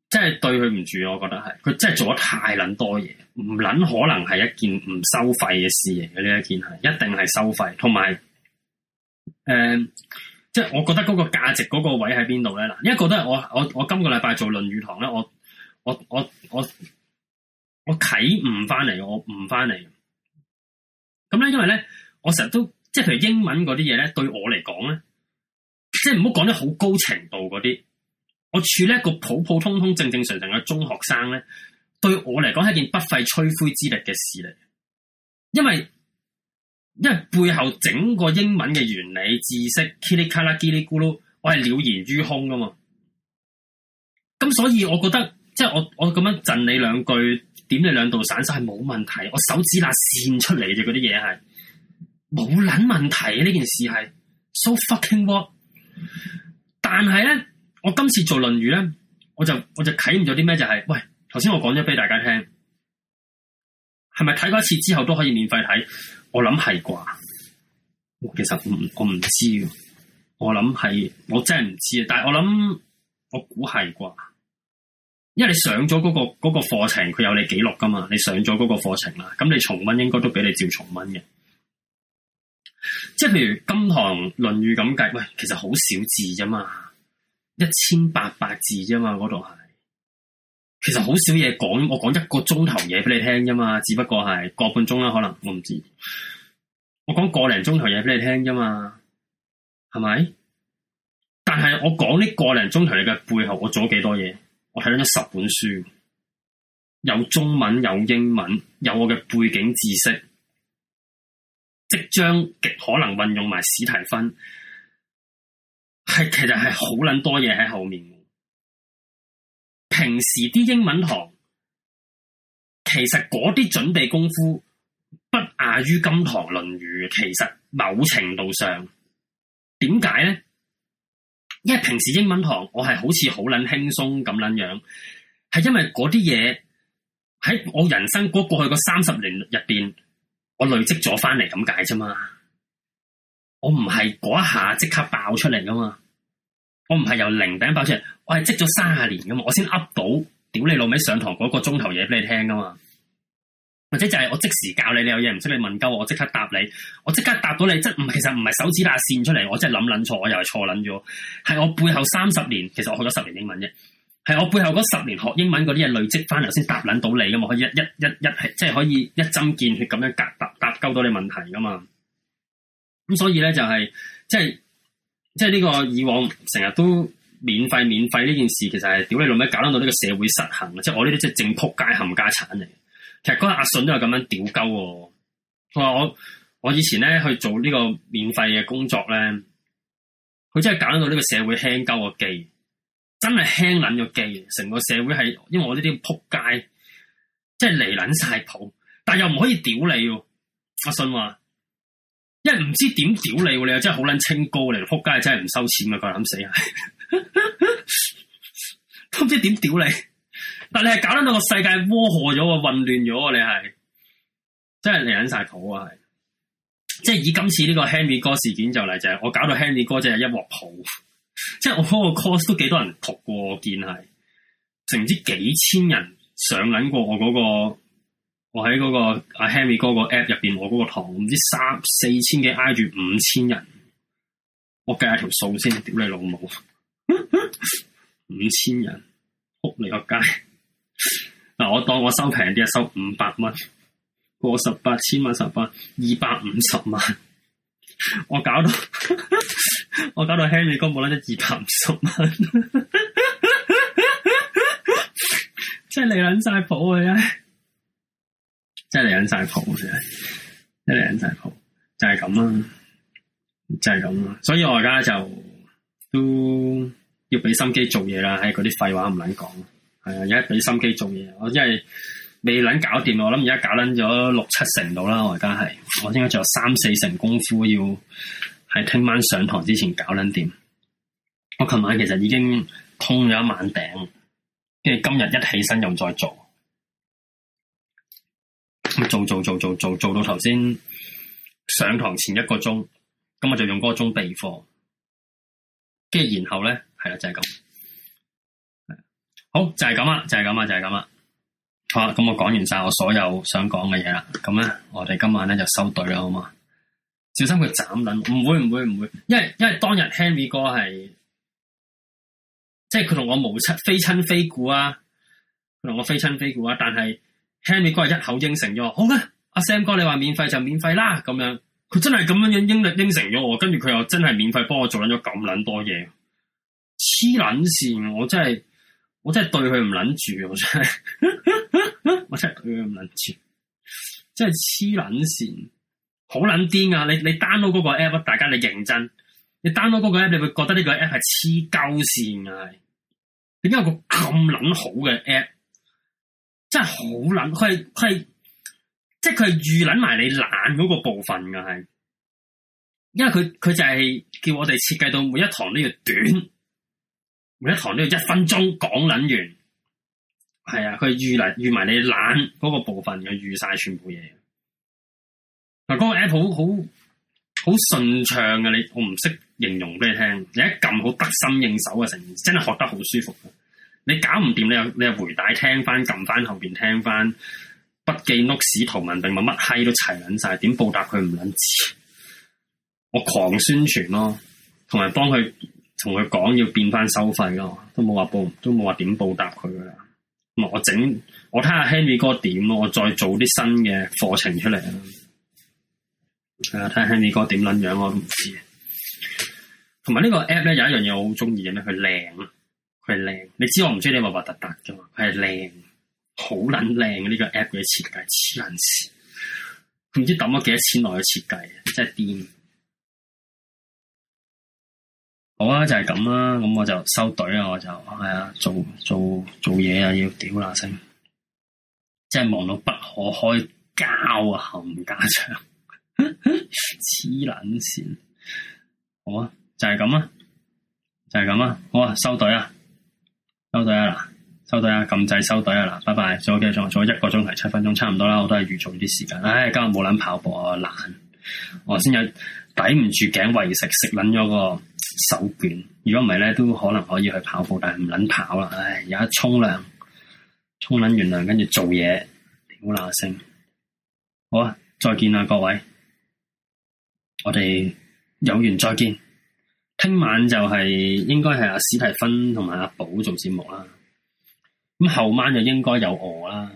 真係對佢唔住，我覺得係，佢真係做咗太捻多嘢，唔捻可能係一件唔收費嘅事嚟嘅呢一件係，一定係收費，同埋誒。呃即係我覺得嗰個價值嗰個位喺邊度咧？嗱，因為覺得我我我今個禮拜做論語堂咧，我我我我我啟唔翻嚟，我唔翻嚟。咁咧，因為咧，我成日都即係譬如英文嗰啲嘢咧，對我嚟講咧，即係唔好講得好高程度嗰啲，我處呢一個普普通通、正正常常嘅中學生咧，對我嚟講係一件不費吹灰之力嘅事嚟，因為因為背後整個英文嘅原理、知識、嘰里卡啦、嘰里咕嚕，我係了然於胸噶嘛。咁所以我覺得，即係我我咁樣震你兩句，點你兩度散晒係冇問題。我手指那線出嚟嘅嗰啲嘢係冇撚問題。呢件事係 so fucking what？但係咧，我今次做論語咧，我就我就啟悟咗啲咩就係、是，喂，頭先我講咗俾大家聽，係咪睇過一次之後都可以免費睇？我諗係啩，我其實我唔我唔知，我諗係我真係唔知啊！但係我諗我估係啩，因為你上咗嗰個嗰個課程，佢有你記錄噶嘛？你上咗嗰個課程啦，咁你重溫應該都俾你照重溫嘅。即係譬如《金堂論語》咁計，喂，其實好少字咋嘛？一千八百字咋嘛？嗰度啊！其實好少嘢講，我講一個鐘頭嘢俾你聽啫嘛，只不過係個半鐘啦，可能我唔知。我講個零鐘頭嘢俾你聽啫嘛，係咪？但係我講呢個零鐘頭嘅背後，我做咗幾多嘢？我睇咗十本書，有中文，有英文，有我嘅背景知識，即將極可能運用埋史提芬，係，其實係好撚多嘢喺後面。平時啲英文堂，其實嗰啲準備功夫不亞於金堂論語。其實某程度上，點解咧？因為平時英文堂，我係好似好捻輕鬆咁捻樣，係因為嗰啲嘢喺我人生嗰過去個三十年入邊，我累積咗翻嚟咁解啫嘛。我唔係嗰一下即刻爆出嚟噶嘛。我唔係由零頂爆出嚟，我係積咗三十年噶嘛，我先噏到，屌你老味上堂嗰個鐘頭嘢俾你聽噶嘛，或者就係我即時教你，你有嘢唔識，你問鳩我，我即刻答你，我即刻答到你，即係唔，其實唔係手指打線出嚟，我真係諗撚錯，我又係錯撚咗，係我背後三十年，其實我學咗十年英文啫，係我背後嗰十年學英文嗰啲嘢累積翻嚟先答撚到你噶嘛，可以一一一一係即係可以一針見血咁樣答答答鳩到你問題噶嘛，咁所以咧就係即係。就是即係呢個以往成日都免費免費呢件事，其實係屌你老味搞得到呢個社會失衡。即係我呢啲即係正仆街冚家產嚟。其實嗰日阿信都係咁樣屌鳩。佢話我我以前咧去做呢個免費嘅工作咧，佢真係搞得到呢個社會輕鳩個機，真係輕捻咗機。成個社會係因為我呢啲撲街，即係離捻曬譜，但又唔可以屌你。阿信話。因為唔知點屌你，你又真係好撚清高，你撲街真係唔收錢啊！佢諗死係，都唔知點屌你。但你係搞到個世界窩賀咗啊，混亂咗啊！你係真係嚟撚晒譜啊！係，即係以今次呢個 Henry 哥事件就嚟，就係，我搞到 Henry 哥真係一鑊泡，即係我嗰個 course 都幾多人撲過，我見係成唔知幾千人上撚過我嗰、嗰個。我喺嗰個阿 Henry 哥 app 面個 app 入邊，我嗰個堂唔知三四千幾挨住五千人，我計下條數先，屌你老母五千人，撲你個街嗱！我當我收平啲，收五百蚊過十八千萬十八，二百五十萬，我搞到 我搞到 Henry 哥冇得一二百五十萬， 即係你捻晒譜佢啊！一嚟撚晒蒲，真係一嚟撚晒蒲，就係咁啦，就係咁啦。所以我而家就都要俾心機做嘢啦，喺嗰啲廢話唔撚講。係啊，而家俾心機做嘢，我因為未撚搞掂，我諗而家搞撚咗六七成到啦，我而家係，我應該仲有三四成功夫要喺聽晚上堂之前搞撚掂。我琴晚其實已經通咗一晚頂，跟住今日一起身又再做。做做做做做做到頭先上堂前一個鐘，咁我就用嗰個鐘備課，跟住然後咧係啦就係、是、咁，好就係咁啊，就係咁啊，就係咁啊，好啦咁、嗯、我講完晒我所有想講嘅嘢啦，咁咧我哋今晚咧就收隊啦好嘛？小心佢斬捻，唔會唔會唔會，因為因為當日 Henry 哥係即係佢同我無親非親非故啊，佢同我非親非故啊，但係。Henry 哥一口應承咗我，好嘅，阿 Sam 哥你話免費就免費啦，咁樣佢真係咁樣樣應承咗我，跟住佢又真係免費幫我做撚咗咁撚多嘢，黐撚線，我真係我真係對佢唔撚住，我真係我真係 對佢唔撚住，真係黐撚線，好撚癲啊！你你 download 嗰個 app，大家你認真，你 download 嗰個 app，你會覺得呢個 app 係黐鳩線嘅，點解有個咁撚好嘅 app？真係好撚，佢係佢係，即係佢係預撚埋你懶嗰個部分嘅係，因為佢佢就係叫我哋設計到每一堂都要短，每一堂都要一分鐘講撚完，係啊，佢預嚟預埋你懶嗰個部分嘅預晒全部嘢，嗱，嗰個 app 好好好順暢嘅，你我唔識形容俾你聽，你一撳好得心應手嘅成真係學得好舒服。你搞唔掂，你又你又回帶聽翻，撳翻後邊聽翻筆記、notes 圖子文定咪乜閪都齊捻晒，點報答佢唔捻知？我狂宣傳咯、啊，同埋幫佢同佢講要變翻收費咯、啊，都冇話報，都冇話點報答佢噶。我整，我睇下 Henry 哥點咯，我再做啲新嘅課程出嚟睇下啊，睇 Henry 哥點捻樣，樣，我都唔知。同埋呢個 app 咧有一樣嘢我好中意嘅咧，佢靚。佢靚，你知我唔中意你核核突突噶嘛？係靚，好捻靚呢個 app 嘅設計，黐捻線，唔知抌咗幾多錢落去設計，真係癲。好啊，就係咁啦，咁我就收隊啊，我就係啊、哎，做做做嘢啊，要屌嗱聲，真係忙到不可開交啊，冚家祥，黐捻線。好啊，就係、是、咁啊，就係、是、咁啊，好啊，收隊啊！收隊啦，收隊啦，撳掣收隊啊啦，拜拜。做 ok，做一個鐘頭七分鐘，差唔多啦。我都係預早啲時間。唉，今日冇撚跑步，啊，懶、嗯，我先有抵唔住頸為食食捻咗個手卷。如果唔係咧，都可能可以去跑步，但係唔捻跑啦。唉，而家沖涼，沖撚完涼，跟住做嘢，好大聲。好啊，再見啦，各位，我哋有緣再見。聽晚就係、是、應該係阿史提芬同埋阿寶做節目啦。咁後晚就應該有我啦。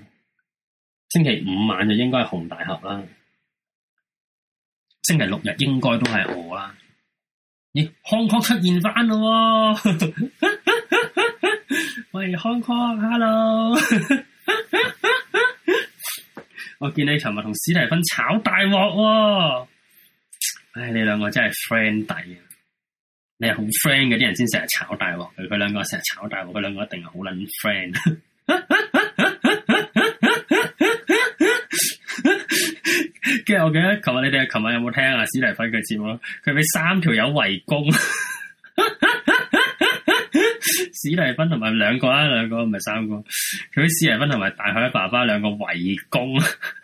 星期五晚就應該係熊大俠啦。星期六日應該都係我啦。咦，康康出現翻咯、哦！ 喂，康康 h e l l o 我見你尋日同史提芬炒大鑊喎、哦。唉，你兩個真係 friend 底啊！你係好 friend 嘅啲人先成日炒大鑊，佢佢兩個成日炒大鑊，佢兩個一定係好撚 friend。跟住 我記得琴日你哋琴日有冇聽啊史蒂芬嘅節目？佢俾三條友圍攻。史蒂芬同埋 兩個啊，兩個唔係三個，佢史蒂芬同埋大海嘅爸爸兩個圍攻。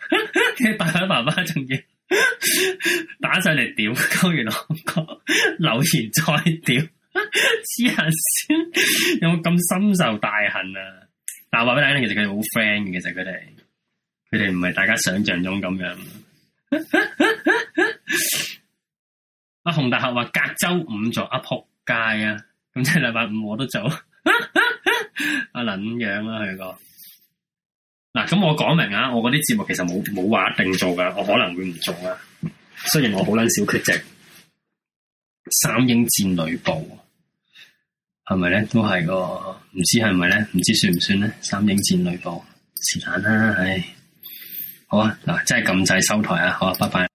大海爸爸仲要…… 打上嚟屌，高 完朗哥留言再屌，黐下先，有冇咁深仇大恨啊？但係話俾你聽，其實佢哋好 friend 嘅，其實佢哋佢哋唔係大家想象中咁樣。阿洪大俠話隔周五做，阿仆街啊！咁即係禮拜五我都做。阿撚樣啊，佢個。嗱，咁我講明啊，我嗰啲節目其實冇冇話一定做噶，我可能會唔做啊。雖然我好撚少缺席，三英戰呂布係咪咧？都係個唔知係咪咧？唔知算唔算咧？三英戰呂布是但啦，唉，好啊，嗱，真係撳掣收台啊，好啊，拜拜啊。